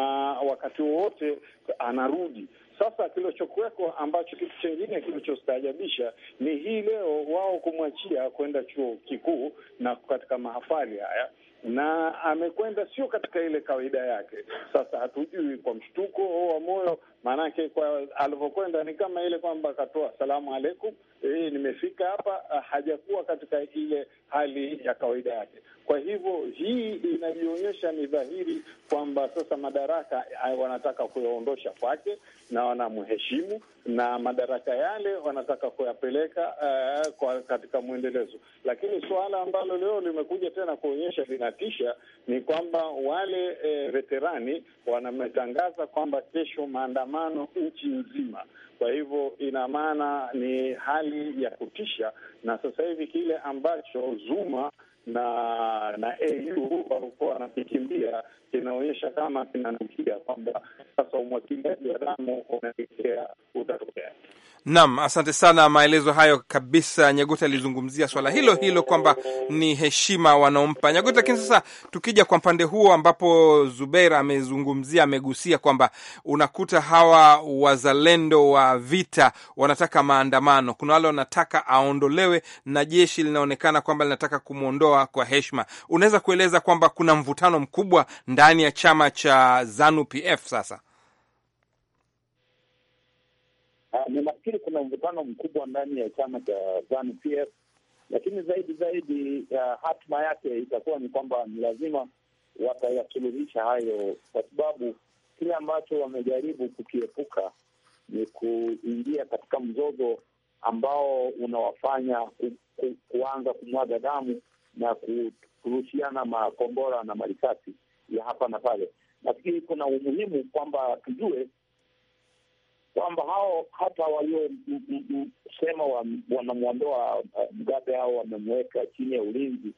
wakati wowote anarudi sasa. Kilichokuwekwa ambacho kitu chengine kilichostaajabisha ni hii leo wao kumwachia kwenda chuo kikuu na katika mahafali haya na amekwenda sio katika ile kawaida yake. Sasa hatujui kwa mshtuko wa moyo, maanake kwa alivyokwenda ni kama ile kwamba akatoa salamu aleikum, e, nimefika hapa, hajakuwa katika ile hali ya kawaida yake. Kwa hivyo hii inajionyesha ni dhahiri kwamba sasa madaraka eh, wanataka kuyaondosha kwake na wanamheshimu, na madaraka yale wanataka kuyapeleka uh, kwa katika mwendelezo. Lakini suala ambalo leo limekuja tena kuonyesha linatisha ni kwamba wale eh, veterani wanametangaza kwamba kesho maandamano nchi nzima. Kwa hivyo ina maana ni hali ya kutisha, na sasa hivi kile ambacho Zuma na na AU walikuwa wanakikimbia kinaonyesha kama kinanukia kwamba sasa umwagiliaji wa damu unaelekea utatokea. Naam, asante sana, maelezo hayo kabisa. Nyaguta alizungumzia swala hilo hilo kwamba ni heshima wanaompa Nyaguta. Lakini sasa tukija kwa upande huo ambapo Zubeir amezungumzia, amegusia kwamba unakuta hawa wazalendo wa vita wanataka maandamano, kuna wale wanataka aondolewe na jeshi linaonekana kwamba linataka kumwondoa kwa heshima. Unaweza kueleza kwamba kuna mvutano mkubwa ndani ndani ya chama cha Zanu PF sasa? Ah, ninafikiri kuna mvutano mkubwa ndani ya chama cha Zanu PF, lakini zaidi zaidi uh, hatima yake itakuwa ni kwamba ni lazima watayasuluhisha hayo, kwa sababu kile ambacho wamejaribu kukiepuka ni kuingia katika mzozo ambao unawafanya ku, ku, kuanza kumwaga damu na kurushiana makombora na marisasi ya hapa na pale. Nafikiri kuna umuhimu kwamba tujue kwamba hao hata waliosema wanamwondoa uh, mgabe au wamemweka chini ya ulinzi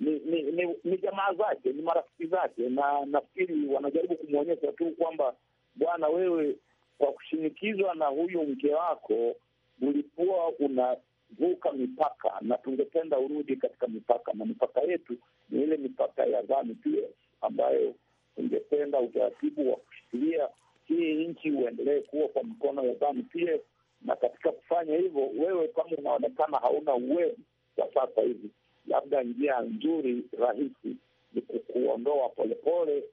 ni ni, ni, ni jamaa zake, ni marafiki zake, na nafikiri wanajaribu kumwonyesha tu kwamba bwana, wewe kwa kushinikizwa na huyu mke wako ulikuwa unavuka mipaka, na tungependa urudi katika mipaka, na mipaka yetu ni ile mipaka ya ZANU PF ambayo ingependa utaratibu wa kushikilia hii nchi uendelee kuwa kwa mkono ya ZANU-PF, na katika kufanya hivyo, wewe kama unaonekana hauna uwezo kwa sasa hivi, labda njia nzuri rahisi ni kukuondoa polepole,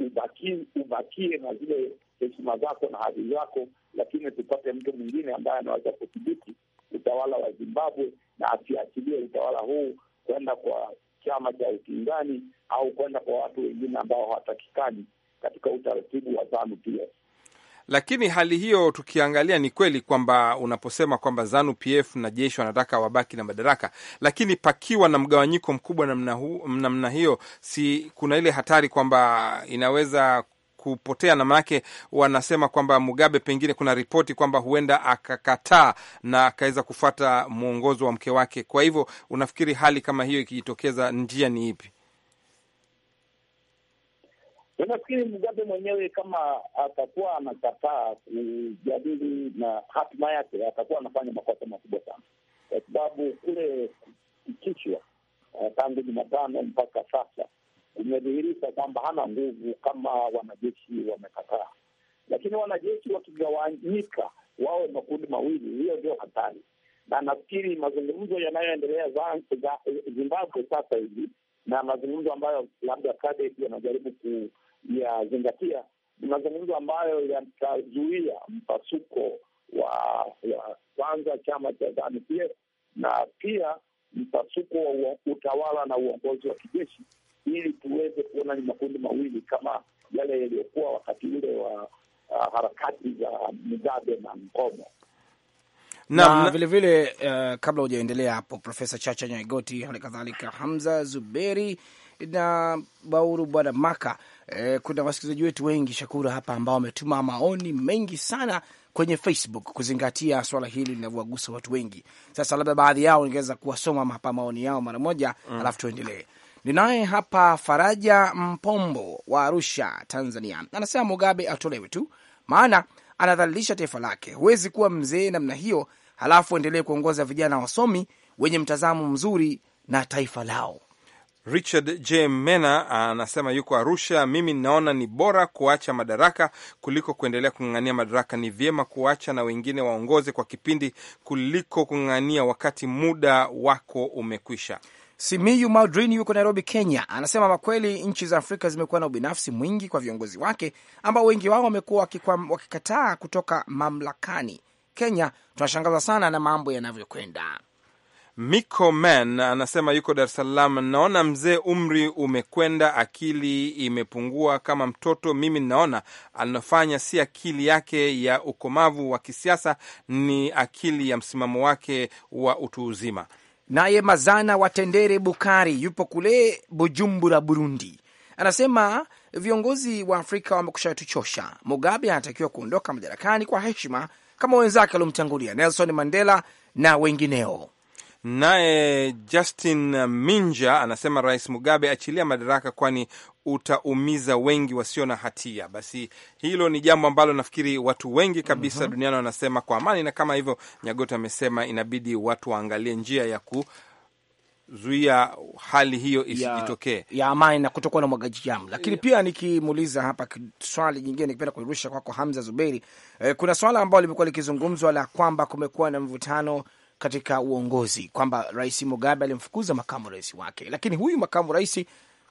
ubakie ubaki na zile heshima zako na hadhi zako, lakini tupate mtu mwingine ambaye anaweza kudhibiti utawala wa Zimbabwe na asiachilie utawala huu kwenda kwa chama cha upinzani au kwenda kwa watu wengine ambao hawatakikani katika utaratibu wa ZANU PF. Lakini hali hiyo tukiangalia, ni kweli kwamba unaposema kwamba ZANU PF na jeshi wanataka wabaki na madaraka, lakini pakiwa na mgawanyiko mkubwa namna hiyo, si kuna ile hatari kwamba inaweza kupotea, na maanake wanasema kwamba Mugabe, pengine kuna ripoti kwamba huenda akakataa na akaweza kufuata mwongozo wa mke wake. Kwa hivyo unafikiri hali kama hiyo ikijitokeza, njia ni ipi? Nafikiri Mugabe mwenyewe kama atakuwa anakataa kujadili na hatima yake, atakuwa anafanya makosa makubwa sana, kwa sababu kule kukichwa eh, tangu Jumatano mpaka sasa umedhihirisha kwamba hana nguvu kama wanajeshi wamekataa. Lakini wanajeshi wakigawanyika wawe makundi mawili, hiyo ndio hatari, na nafikiri mazungumzo yanayoendelea Zimbabwe sasa hivi na mazungumzo ambayo labda Kadek yanajaribu kuyazingatia ni mazungumzo ambayo yatazuia mpasuko wa kwanza chama cha ZANU-PF na pia mpasuko wa utawala na uongozi wa kijeshi ili tuweze kuona ni makundi mawili kama yale yaliyokuwa wakati ule wa uh, harakati za Mugabe na Mkomo na, na vile vile uh, kabla hujaendelea hapo, Profesa Chacha Nyaigoti, hali kadhalika Hamza Zuberi na Bauru Bwana Maka. Eh, kuna wasikilizaji wetu wengi Shakura hapa ambao wametuma maoni mengi sana kwenye Facebook kuzingatia swala hili linavyowagusa watu wengi. Sasa labda baadhi yao ingeweza kuwasoma hapa maoni yao mara moja, mm, alafu tuendelee. Ninaye hapa Faraja Mpombo wa Arusha, Tanzania, anasema Mugabe atolewe tu, maana anadhalilisha taifa lake. Huwezi kuwa mzee namna hiyo halafu endelee kuongoza vijana wasomi wenye mtazamo mzuri na taifa lao. Richard J Mena anasema yuko Arusha. Mimi ninaona ni bora kuacha madaraka kuliko kuendelea kung'ang'ania madaraka. Ni vyema kuacha na wengine waongoze kwa kipindi kuliko kung'ang'ania wakati muda wako umekwisha. Simiyu Maudrin yuko Nairobi, Kenya, anasema makweli, nchi za Afrika zimekuwa na ubinafsi mwingi kwa viongozi wake ambao wengi wao wamekuwa wakikataa kutoka mamlakani. Kenya tunashangaza sana na mambo yanavyokwenda. Miko Man anasema yuko Dar es Salaam, naona mzee, umri umekwenda, akili imepungua kama mtoto. Mimi ninaona anafanya si akili yake ya ukomavu wa kisiasa, ni akili ya msimamo wake wa utu uzima. Naye Mazana Watendere Bukari yupo kule Bujumbura, Burundi, anasema viongozi wa Afrika wamekusha tuchosha. Mugabe anatakiwa kuondoka madarakani kwa heshima kama wenzake waliomtangulia Nelson Mandela na wengineo. Naye Justin Minja anasema Rais Mugabe achilia madaraka, kwani utaumiza wengi wasio na hatia. Basi hilo ni jambo ambalo nafikiri watu wengi kabisa mm -hmm. duniani wanasema kwa amani, na kama hivyo Nyagoti amesema inabidi watu waangalie njia ya ku zuia hali hiyo isijitokee ya, ya amani na kutokuwa na mwagaji jamu. Lakini yeah. pia nikimuuliza hapa swali jingine, nikipenda kuirusha kwako Hamza Zuberi eh, kuna swala ambalo limekuwa likizungumzwa la kwamba kumekuwa na mvutano katika uongozi kwamba Rais Mugabe alimfukuza makamu rais wake, lakini huyu makamu rais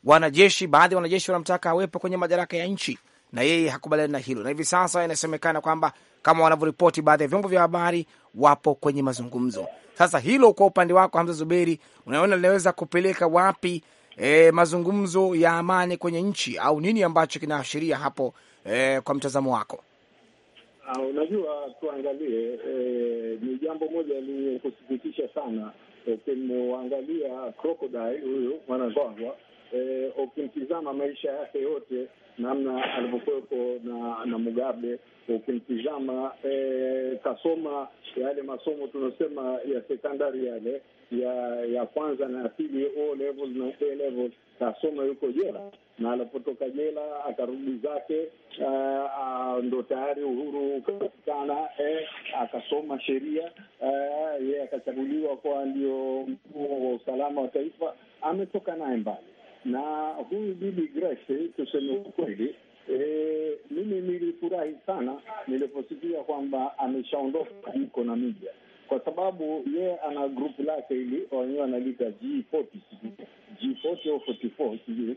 wanajeshi, baadhi ya wanajeshi wanamtaka awepo kwenye madaraka ya nchi, na yeye hakubaliani na hilo, na hivi sasa inasemekana kwamba kama wanavyoripoti baadhi ya vyombo vya habari, wapo kwenye mazungumzo. Sasa hilo kwa upande wako Hamza Zuberi, unaona linaweza kupeleka wapi e, mazungumzo ya amani kwenye nchi au nini ambacho kinaashiria hapo e, kwa mtazamo wako? Ah, unajua tuangalie e, ni jambo moja lenye kusikitisha sana ukimwangalia e, crocodile huyu mwanagongwa eh, ukimtizama maisha yake yote namna alivyokuwepo na na Mugabe, ukimtizama eh, kasoma yale masomo tunasema ya sekondari yale ya ya kwanza na ya pili O level na A level, kasoma yuko jela na alipotoka jela akarudi zake, ndo tayari uhuru ukapatikana. Eh, akasoma sheria e, yeye, akachaguliwa kwa ndio mkuu wa usalama wa taifa, ametoka naye mbali na huyu bibi Grace, tuseme ukweli, e, mimi nilifurahi sana niliposikia kwamba ameshaondoka yuko Namibia, kwa sababu yeye ana grupu lake ili wenyewe analiita G40 G40 au 44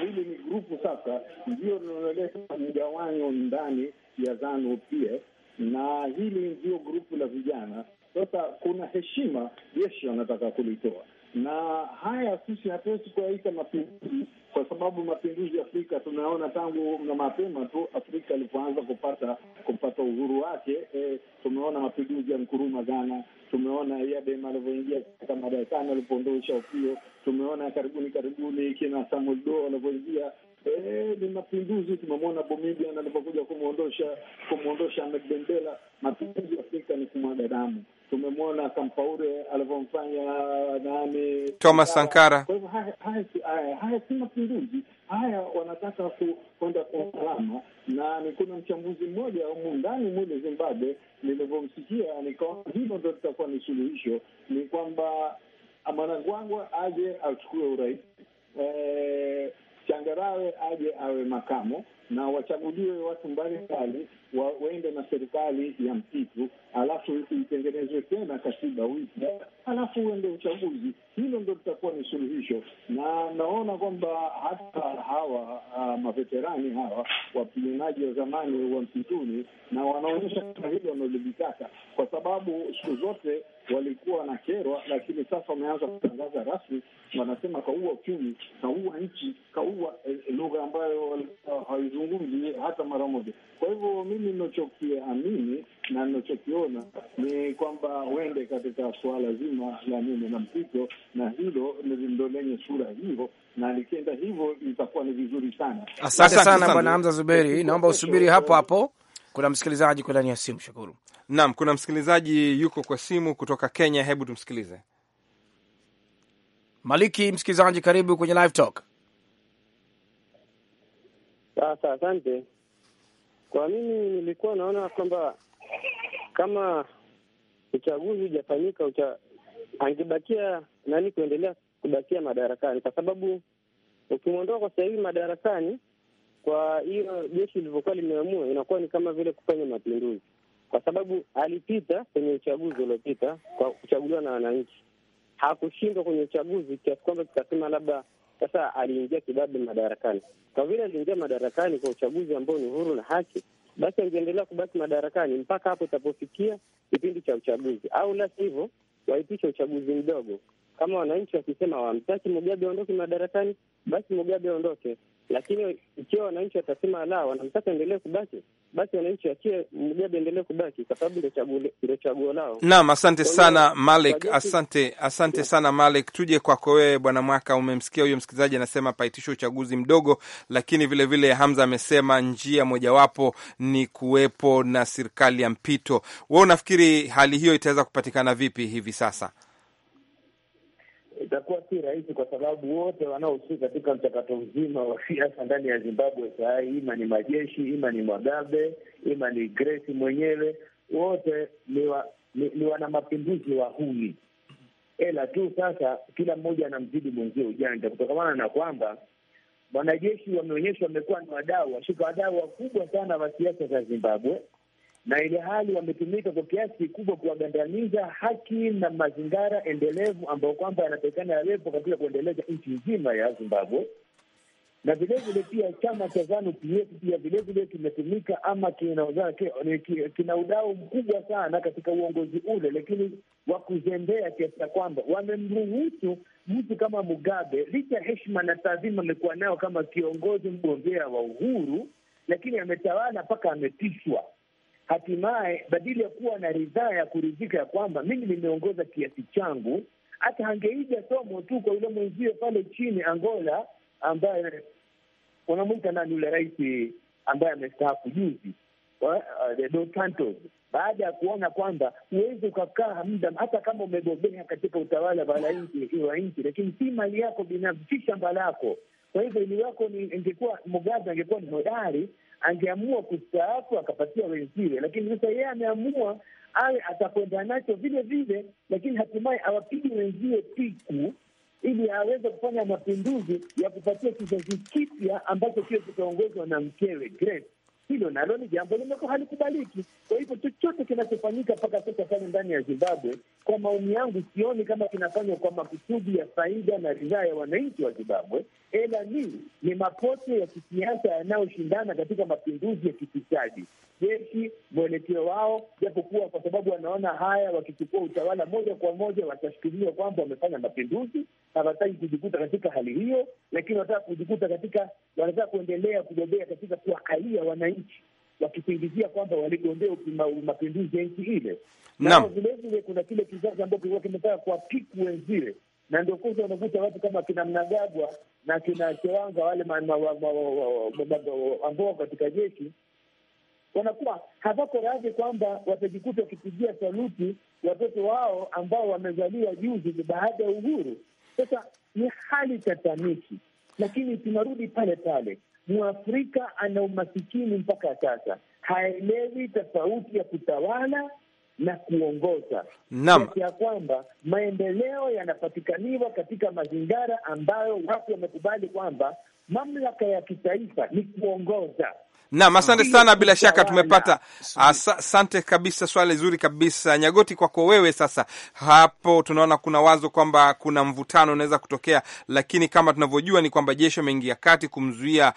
Hili ni grupu sasa ndio linaloleta mgawanyo ndani ya Zanu pia, na hili ndio grupu la vijana sasa. Kuna heshima jeshi wanataka kulitoa na haya sisi hatuwezi kuyaita mapinduzi kwa sababu mapinduzi Afrika tunaona tangu na mapema tu Afrika ilipoanza kupata kupata uhuru wake. E, tumeona mapinduzi ya Nkuruma Ghana, tumeona Yadema alivyoingia katika madarakani alipoondosha Opiyo, tumeona karibuni karibuni kina Samuel Doe E, ni mapinduzi. Tumemwona Bomidian alipokuja kumwondosha kumwondosha Ahmed Bendela. Mapinduzi Afrika ni kumwaga damu tumemwona Kampaure alivyomfanya nani Thomas Sankara. Kwa hivyo haya si mapinduzi, haya wanataka kwenda kwa usalama, na ni kuna mchambuzi mmoja humu ndani mule Zimbabwe nilivyomsikia nikaona hilo ndo litakuwa ni suluhisho, ni kwamba Mnangagwa aje achukue urais, eh, Changarawe aje awe makamo na wachaguliwe watu mbalimbali waende na serikali ya mpito, alafu itengenezwe tena katiba wipya, alafu uende uchaguzi. Hilo ndo litakuwa ni suluhisho, na naona kwamba hata hawa uh, maveterani hawa wapiganaji wa zamani wa mpituni na wanaonyesha kama hilo wanalivitaka, kwa sababu siku zote walikuwa wanakerwa, lakini sasa wameanza kutangaza rasmi, wanasema kaua uchumi, kaua nchi, kaua e, lugha ambayo walikuwa hawaizungumzi hata mara moja. Kwa hivyo mimi nachokiamini na nachokiona ni kwamba wende katika suala zima la nini na mpito, na hilo ndo lenye sura hiyo, na likienda hivyo itakuwa ni vizuri sana. Asante sana Bwana Hamza Zuberi, naomba usubiri hapo hapo kuna msikilizaji kwa ndani ya simu, Shukuru. Naam, kuna msikilizaji yuko kwa simu kutoka Kenya. Hebu tumsikilize. Maliki, msikilizaji, karibu kwenye Live Talk. Sasa asante. Kwa mimi nilikuwa naona kwamba kama uchaguzi hujafanyika ucha, angebakia nani kuendelea kubakia madarakani, kwa sababu ukimwondoa kwa sasa hivi madarakani kwa hiyo jeshi lilivyokuwa limeamua, inakuwa ni kama vile kufanya mapinduzi, kwa sababu alipita kwenye uchaguzi uliopita kwa kuchaguliwa na wananchi, hakushindwa kwenye uchaguzi kiasi kwamba tukasema labda sasa aliingia kibabe madarakani. Kwa vile aliingia madarakani kwa uchaguzi ambao ni huru na haki, basi angeendelea kubaki madarakani mpaka hapo itapofikia kipindi cha uchaguzi, au la sivyo waipisha uchaguzi mdogo. Kama wananchi wakisema wamtaki Mugabe aondoke madarakani, basi Mugabe aondoke, lakini ikiwa wananchi watasema la, wanamtaka endelee kubaki, basi wananchi wachie Mgabe endelee kubaki, kwa sababu ndio chaguo lao. Naam, asante sana Malik, asante asante sana Malik. Tuje kwako wewe Bwana Mwaka. Umemsikia huyo msikilizaji anasema paitisho uchaguzi mdogo, lakini vilevile vile Hamza amesema njia mojawapo ni kuwepo na serikali ya mpito. We unafikiri hali hiyo itaweza kupatikana vipi hivi sasa? itakuwa si rahisi, kwa sababu wote wanaohusika katika mchakato mzima wa siasa ndani ya Zimbabwe saa hii, ima ni majeshi, ima ni Mugabe, ima ni Grace mwenyewe, wote ni, wa, ni, ni wana mapinduzi wa huni ela tu sasa kila mmoja anamzidi mwenzie ujanja, kutokamana na kwamba wanajeshi wameonyeshwa wamekuwa ni wadau washika wadau wakubwa sana wa siasa za Zimbabwe na ile hali wametumika kwa kiasi kikubwa kuwagandaniza haki na mazingira endelevu ambayo kwamba yanatakikana yawepo katika kuendeleza nchi nzima ya Zimbabwe. Na vilevile pia chama cha ZANU PF pia vilevile kimetumika ama kina udao mkubwa sana katika uongozi ule, lakini wa kuzembea kiasi cha kwamba wamemruhusu mtu kama Mugabe, licha ya heshima na taadhima amekuwa nao kama kiongozi mgombea wa uhuru, lakini ametawala mpaka ametishwa hatimaye, badili ya kuwa na ridhaa ya kuridhika ya kwamba mimi nimeongoza kiasi changu, hata angeija somo tu kwa yule mwenzio pale chini Angola, ambaye unamwita nani yule rais ambaye amestaafu juzi uh, Dos Santos, baada ya kuona kwamba huwezi ukakaa muda hata kama umebobea katika utawala wa nchi, lakini si mali yako binafsi, si shamba lako. Kwa hivyo iliwako, ingekuwa Mugabe angekuwa ni hodari angeamua kustaafu akapatia wenziwe, lakini sasa yeye ameamua awe atakwenda nacho vile vile, lakini hatimaye awapigi wenziwe piku ili aweze kufanya mapinduzi ya kupatia kizazi kipya ambacho kio kitaongozwa na mkewe Grace hilo nalo ni jambo limekuwa halikubaliki. Kwa hivyo chochote kinachofanyika mpaka sasa pale ndani ya Zimbabwe, kwa maoni yangu, sioni kama kinafanywa kwa makusudi ya faida na ridhaa ya wananchi wa Zimbabwe, ela ni ni mapote ya kisiasa yanayoshindana katika mapinduzi ya kifisadi jeshi mwelekeo wao, japokuwa kwa sababu wanaona haya, wakichukua utawala moja kwa moja watashutumiwa kwamba wamefanya mapinduzi. Hawataki kujikuta katika hali hiyo, lakini wanataka kujikuta katika, wanataka kuendelea kugombea katika kuwakalia wananchi wakisingizia kwamba waligombea mapinduzi ya nchi ile. Nao vilevile kuna kile kizazi ambao kilikuwa kimetaka kuwapiku wenzile, na ndio kosa unakuta watu kama kina Mnagagwa na kina Chewanga wale ambao katika jeshi wanakuwa hawako radhi kwamba watajikuta wakipigia saluti watoto wao ambao wamezaliwa juzi baada ya uhuru. Sasa ni hali tataniki, lakini tunarudi pale pale, Mwafrika ana umasikini mpaka sasa, haelewi tofauti ya kutawala na kuongoza ya kwamba maendeleo yanapatikaniwa katika mazingira ambayo watu wamekubali kwamba mamlaka ya kitaifa ni kuongoza. Naam, asante sana, bila shaka tumepata. Asante kabisa, swali zuri kabisa Nyagoti, kwako wewe. Sasa hapo tunaona kuna wazo kwamba kuna mvutano unaweza kutokea, lakini kama tunavyojua ni kwamba jeshi ameingia kati kumzuia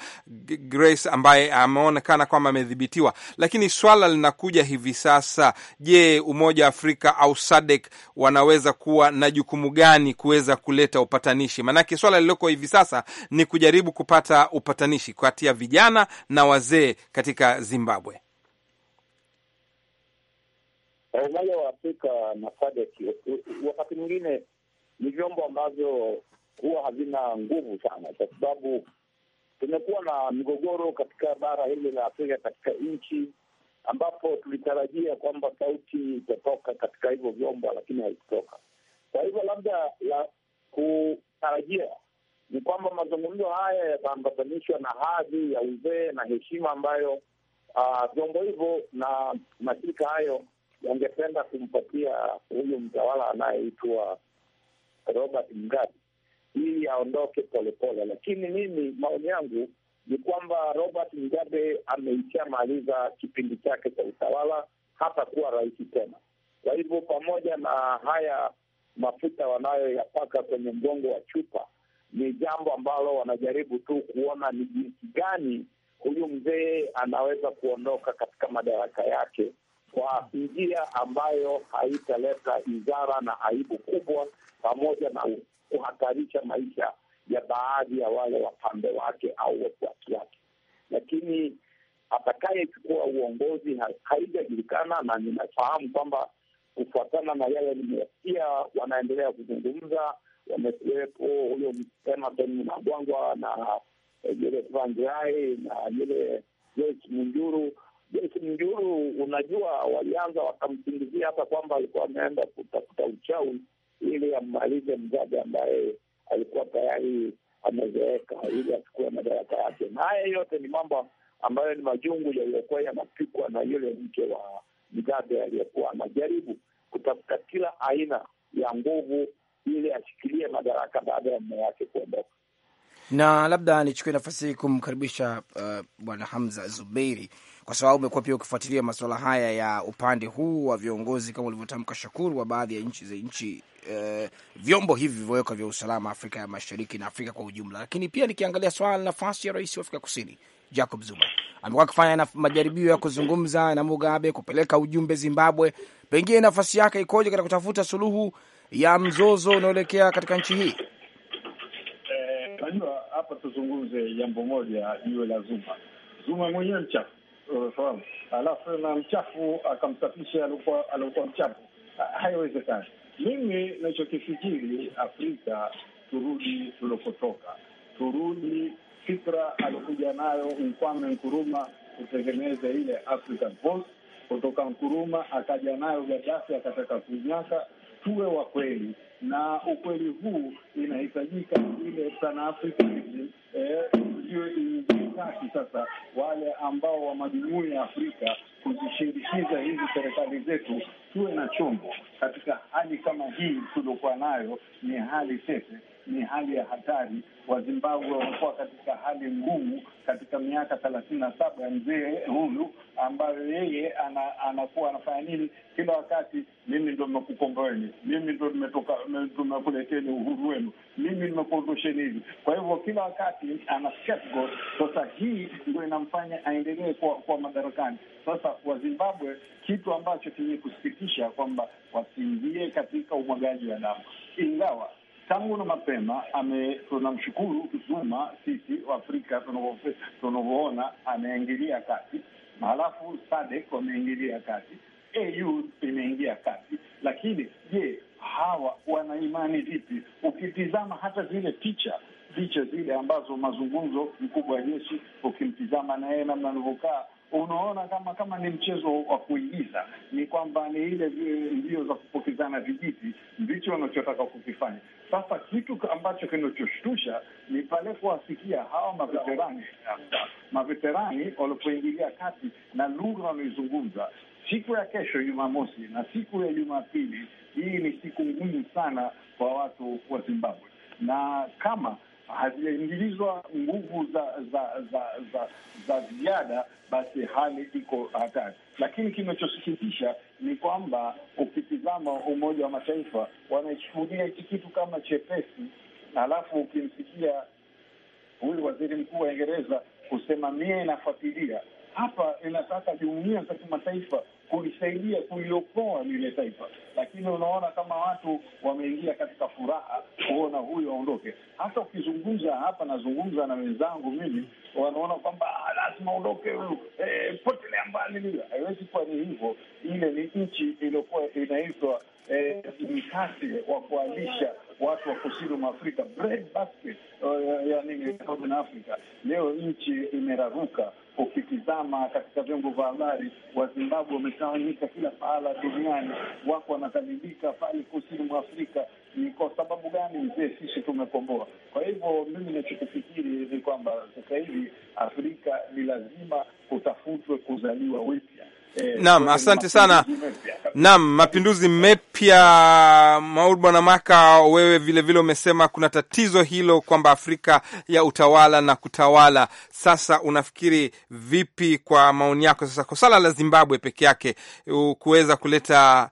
Grace ambaye ameonekana kwamba amedhibitiwa, lakini swala linakuja hivi sasa, je, Umoja wa Afrika au SADC wanaweza kuwa na jukumu gani kuweza kuleta upatanishi? Maanake swala lililoko hivi sasa ni kujaribu kupata upatanishi kati ya vijana na wazee je katika Zimbabwe? Umoja eh, wa Afrika na SADC wakati mwingine ni vyombo ambavyo huwa havina nguvu sana, kwa sababu tumekuwa na migogoro katika bara hili la Afrika, katika nchi ambapo tulitarajia kwamba sauti itatoka katika hivyo vyombo, lakini haikutoka. Kwa hivyo labda la kutarajia ni kwamba mazungumzo haya yataambatanishwa na hadhi ya uzee na heshima ambayo ah, vyombo uh, hivyo na mashirika hayo yangependa kumpatia huyu mtawala anayeitwa Robert Mugabe ili aondoke polepole, lakini mimi maoni yangu ni kwamba Robert Mugabe ameishamaliza kipindi chake cha utawala, hata kuwa rais tena. Kwa hivyo pamoja na haya mafuta wanayoyapaka kwenye mgongo wa chupa ni jambo ambalo wanajaribu tu kuona ni jinsi gani huyu mzee anaweza kuondoka katika madaraka yake kwa njia ambayo haitaleta izara na aibu kubwa, pamoja na kuhatarisha maisha ya baadhi ya wale wapambe wake au wafuasi wake. Lakini atakayechukua uongozi haijajulikana, na ninafahamu kwamba kufuatana na yale nimeyasikia, wanaendelea kuzungumza wamekuwepo huyo msichana Beni Nagwangwa na yule eh, Franjai na yule Joyce Munjuru. Joyce Munjuru, unajua walianza wakamsingizia hata kwamba alikuwa ameenda kutafuta uchawi ili ammalize Mgabe ambaye alikuwa tayari amezeeka ili achukue madaraka yake. Na haya yote ni mambo ambayo ni majungu yaliyokuwa yanapikwa na yule mke wa Mgabe aliyekuwa anajaribu kutafuta kila aina ya nguvu ili ashikilie madaraka baada ya mume wake kuondoka. Na labda nichukue nafasi hii kumkaribisha uh, bwana Hamza Zubeiri, kwa sababu umekuwa pia ukifuatilia masuala haya ya upande huu wa viongozi kama ulivyotamka Shakuru, wa baadhi ya nchi za nchi uh, vyombo hivi vilivyowekwa vya usalama Afrika ya Mashariki na Afrika kwa ujumla, lakini pia nikiangalia swala la nafasi ya rais wa Afrika Kusini Jacob Zuma amekuwa akifanya majaribio ya kuzungumza na Mugabe, kupeleka ujumbe Zimbabwe. Pengine nafasi yake ikoje katika kutafuta suluhu ya mzozo unaoelekea katika nchi hii? Eh, najua eh, hapa tuzungumze jambo moja iwe la Zuma. Zuma mwenyewe mchafu, unafahamu, alafu na mchafu akamsafisha aliokuwa mchafu, haiwezekani. Mimi nachokifikiri Afrika turudi tulokotoka, turudi fikra aliokuja nayo Nkwame Nkuruma, kutengeneza ile African Post kutoka Nkuruma akaja nayo Gaddafi akataka kunyaka. Tuwe wa kweli, na ukweli huu inahitajika ile Afrika ndio eh, sasa wale ambao wa majumuiya ya Afrika kuzishirikisha hizi serikali zetu, tuwe na chombo katika hali kama hii tuliokuwa nayo, ni hali tete ni hali ya hatari. Wazimbabwe wamekuwa katika hali ngumu katika miaka thelathini na saba ya mzee huyu, ambayo yeye anakuwa ana anafanya nini kila wakati, mimi ndo nimekukomboeni, mimi ndo nimekuleteni uhuru wenu, mimi nimekuondosheni hivi. Kwa hivyo kila wakati ana scapegoat. Sasa hii ndo inamfanya aendelee kwa, kwa madarakani. Sasa Wazimbabwe, kitu ambacho chenye kusikitisha kwamba wasiingie katika umwagaji wa damu, ingawa tangu na mapema tunamshukuru Zuma. Sisi Waafrika tunavyoona ameingilia kati, halafu SADC wameingilia kati, AU imeingia kati, lakini je, hawa wana imani vipi? Ukitizama hata zile picha picha zile ambazo mazungumzo mkubwa wa jeshi, ukimtizama na yeye namna anavyokaa unaona kama kama ni mchezo wa kuigiza, ni kwamba ni ile mbio za kupokezana vijiti, ndicho wanachotaka kukifanya. Sasa kitu ambacho kinachoshtusha ni pale kuwasikia hawa maveterani maveterani walipoingilia kati na lugha wanaizungumza siku ya kesho Jumamosi na siku ya Jumapili. Hii ni siku ngumu sana kwa watu wa Zimbabwe na kama hazijaingilizwa nguvu za za za za, za ziada, basi hali iko hatari. Lakini kinachosikitisha ni kwamba ukitizama Umoja wa Mataifa wanashuhudia hiki kitu kama chepesi, alafu ukimsikia huyu waziri mkuu wa Uingereza kusema mie inafuatilia hapa inataka jumuia za kimataifa kulisaidia kuliokoa lile taifa, lakini unaona kama watu wameingia katika furaha kuona huyo aondoke. Hata ukizungumza hapa, nazungumza na wenzangu mimi, wanaona kwamba ah, lazima aondoke huyu, eh, potelea mbali lio Haiwezi kuwa ni hivyo. Ile ni nchi iliyokuwa inaitwa eh, mkate wa kualisha watu wa kusini mwa Afrika, bread basket eh, ya nini, Northern Africa. Leo nchi imeraruka ukitizama katika vyombo vya habari, Wazimbabwe wametawanyika kila pahala duniani, wako wanadhalilika pale kusini mwa Afrika. Ni kwa sababu gani mzee? Sisi tumekomboa. Kwa hivyo mimi nachokifikiri ni kwamba sasa hivi Afrika ni lazima kutafutwe kuzaliwa wipya Naam, asante sana. Naam, mapinduzi mepya. Maud Bwana Maka, wewe vilevile vile umesema kuna tatizo hilo kwamba Afrika ya utawala na kutawala. Sasa unafikiri vipi, kwa maoni yako, sasa kwa swala la Zimbabwe peke yake kuweza kuleta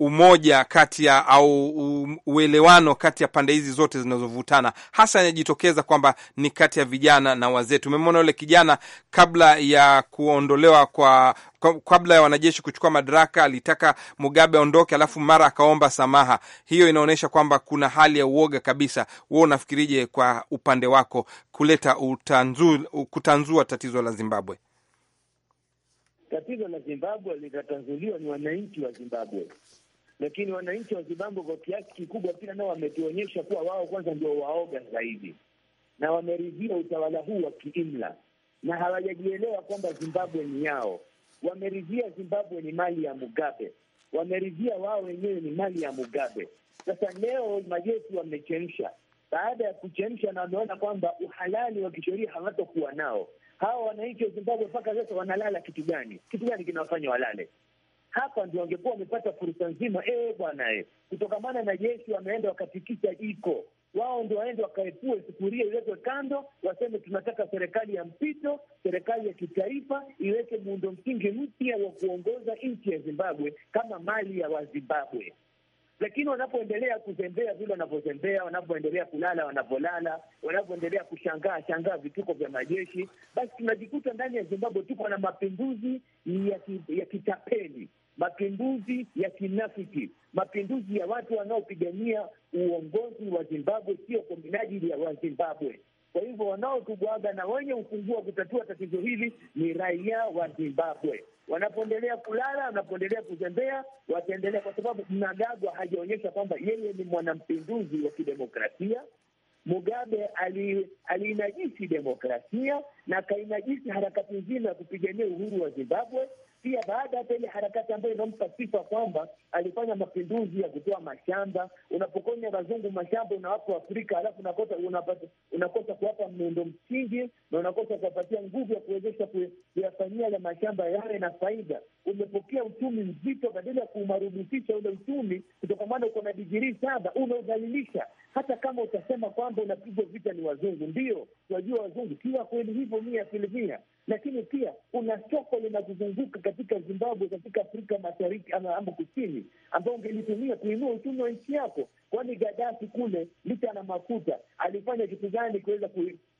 umoja kati ya au uelewano kati ya pande hizi zote zinazovutana, hasa inajitokeza kwamba ni kati ya vijana na wazee. Tumemwona yule kijana kabla ya kuondolewa kwa kabla ya wanajeshi kuchukua madaraka alitaka Mugabe aondoke, alafu mara akaomba samaha. Hiyo inaonyesha kwamba kuna hali ya uoga kabisa. Wewe unafikirije kwa upande wako kuleta utanzu, kutanzua tatizo la Zimbabwe? Tatizo la Zimbabwe litatanzuliwa ni wananchi wa Zimbabwe lakini wananchi wa Zimbabwe kwa kiasi kikubwa pia nao wametuonyesha kuwa wao kwanza ndio waoga zaidi, na wameridhia utawala huu wa kiimla na hawajajielewa kwamba Zimbabwe ni yao. Wameridhia Zimbabwe ni mali ya Mugabe, wameridhia wao wenyewe ni mali ya Mugabe. Sasa leo majeshi wamechemsha, baada ya kuchemsha na wameona kwamba uhalali wa kisheria hawatokuwa nao. Hawa wananchi wa Zimbabwe mpaka sasa wanalala kitu gani? Kitu gani kinawafanya walale? hapa ndio wangekuwa wamepata fursa nzima. E bwana e, kutokamana na jeshi wameenda wakatikisa jiko wao ndio waende wakaepue sufuria iwekwe kando, waseme tunataka serikali ya mpito, serikali ya kitaifa iweke muundo msingi mpya wa kuongoza nchi ya Zimbabwe kama mali ya Wazimbabwe. Lakini wanapoendelea kuzembea vile wanavyozembea, wanapoendelea kulala wanavyolala, wanapoendelea kushangaa shangaa vituko vya majeshi, basi tunajikuta ndani ya Zimbabwe tuko na mapinduzi ya kitapeli mapinduzi ya kinafiki, mapinduzi ya watu wanaopigania uongozi wa Zimbabwe, sio kwa minajili ya Wazimbabwe. Kwa hivyo wanaotubwaga na wenye ufunguo wa kutatua tatizo hili ni raia wa Zimbabwe. Wanapoendelea kulala, wanapoendelea kuzembea, wataendelea kwa sababu mnagagwa hajaonyesha kwamba yeye ni mwanampinduzi wa kidemokrasia. Mugabe aliinajisi ali demokrasia na akainajisi harakati nzima ya kupigania uhuru wa Zimbabwe pia baada hata ile harakati ambayo inampa sifa kwamba alifanya mapinduzi ya kutoa mashamba. Unapokonya wazungu mashamba unawapa Afrika, alafu unakosa unapata unakosa kuwapa miundo msingi na unakosa kuwapatia nguvu ya kuwezesha kuyafanyia ya mashamba yale na faida. Umepokea uchumi mzito, badala ya kumarudisha ule uchumi, kutokamana uko na digirii saba unaudhalilisha hata kama utasema kwamba unapigwa vita ni wazungu, ndio wajua wazungu, kiwa kweli hivyo mia asilimia, lakini pia kuna soko linakuzunguka katika Zimbabwe, katika Afrika Mashariki ama ambo kusini, ambao ungelitumia kuinua uchumi wa nchi yako. Kwani Gadafi kule, licha na mafuta, alifanya kitu gani kuweza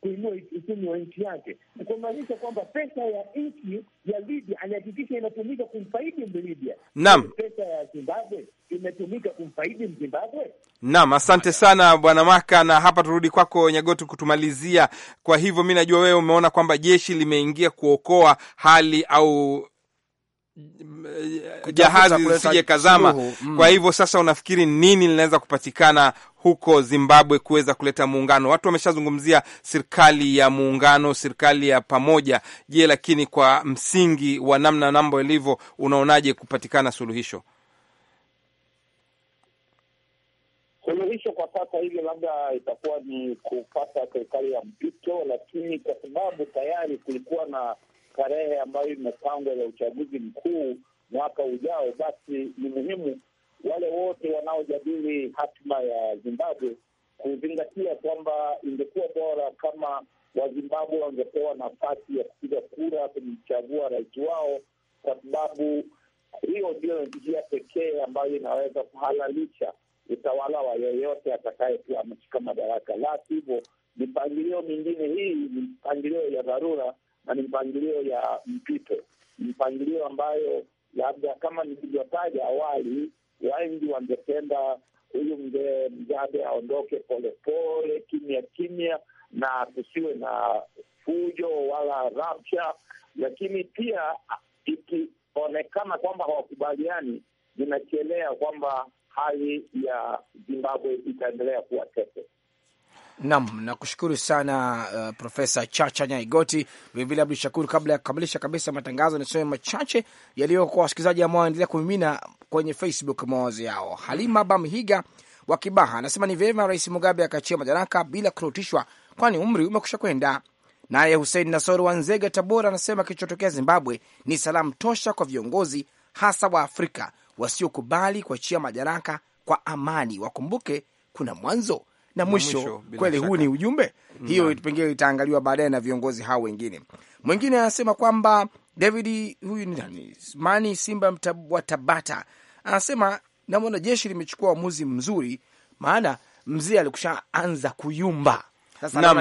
kuinua uchumi wa nchi yake? Kumaanisha kwamba pesa ya nchi ya Libya anahakikisha inatumika kumfaidi Mlibya. Naam, pesa ya Zimbabwe imetumika kumfaidi Mzimbabwe. Naam, asante sana bwana Maka, na hapa turudi kwako Nyagoti kutumalizia. Kwa hivyo mi najua wewe umeona kwamba jeshi limeingia kuokoa hali au eh, jahazi zisije kazama mm. Kwa hivyo sasa, unafikiri nini linaweza kupatikana huko Zimbabwe kuweza kuleta muungano? Watu wameshazungumzia serikali ya muungano, serikali ya pamoja. Je, lakini kwa msingi wa namna nambo ilivyo, unaonaje kupatikana suluhisho? Suluhisho kwa sasa hivi labda itakuwa ni kupata serikali ya mpito, lakini kwa sababu tayari kulikuwa na tarehe ambayo imepangwa ya uchaguzi mkuu mwaka ujao, basi ni muhimu wale wote wanaojadili hatima ya Zimbabwe kuzingatia kwamba ingekuwa bora kama Wazimbabwe wangepewa nafasi ya kupiga kura kumchagua rais wao, kwa sababu hiyo ndio njia pekee ambayo inaweza kuhalalisha utawala wa yeyote atakayekuwa ameshika madaraka, la sivyo mipangilio mingine hii ni mipangilio ya dharura na ni mipangilio ya mpito, mipangilio ambayo labda kama nilivyotaja awali, wengi wangependa huyu mzee Mjabe aondoke polepole, kimya kimya, na tusiwe na fujo wala rabsha. Lakini pia ikionekana kwamba hawakubaliani, inachelea kwamba hali ya Zimbabwe itaendelea kuwa tete. Nam, nakushukuru sana uh, Profesa Chacha Nyaigoti, vilevile Abdu Shakur. Kabla ya kukamilisha kabisa matangazo, nisome machache yaliyoko kwa wasikilizaji ambao wanaendelea kumimina kwenye Facebook mawazo yao. Halima Bamhiga wa Kibaha anasema ni vyema Rais Mugabe akaachia madaraka bila kurutishwa, kwani umri umekusha kwenda. Naye Husein Nasor wa Nzega, Tabora, anasema kilichotokea Zimbabwe ni salamu tosha kwa viongozi hasa wa Afrika wasiokubali kuachia madaraka kwa amani wakumbuke kuna mwanzo na mwisho, mwisho kweli huu ni ujumbe mm, hiyo Hiyo pengine itaangaliwa baadaye na viongozi hao wengine. Mwingine anasema kwamba David huyu ni nani, Mani Simba wa Tabata, anasema namwona jeshi limechukua uamuzi mzuri, maana mzee alikusha anza kuyumba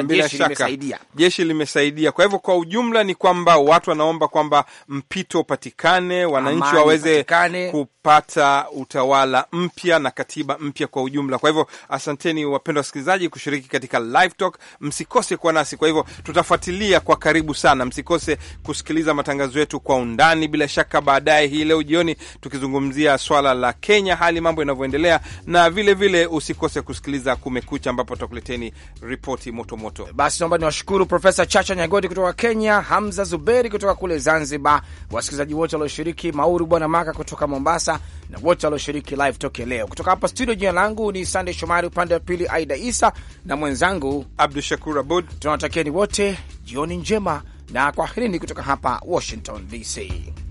bila shaka limesaidia. Jeshi limesaidia. Kwa hivyo kwa ujumla ni kwamba watu wanaomba kwamba mpito upatikane, wananchi waweze patikane, kupata utawala mpya na katiba mpya kwa ujumla. Kwa hivyo asanteni wapendwa wasikilizaji kushiriki katika live talk, msikose kuwa nasi. Kwa hivyo tutafuatilia kwa karibu sana, msikose kusikiliza matangazo yetu kwa undani, bila shaka baadaye hii leo jioni tukizungumzia swala la Kenya, hali mambo inavyoendelea, na vilevile vile usikose kusikiliza Kumekucha ambapo tutakuleteni ripoti ripoti moto moto. Basi naomba niwashukuru Profesa Chacha Nyagodi kutoka Kenya, Hamza Zuberi kutoka kule Zanzibar, wasikilizaji wote walioshiriki, Mauru Bwana Maka kutoka Mombasa na wote walioshiriki live toke leo kutoka hapa studio. Jina langu ni Sandey Shomari, upande wa pili Aida Isa na mwenzangu Abdu Shakur Abud. Tunawatakieni wote jioni njema na kwaherini kutoka hapa Washington DC.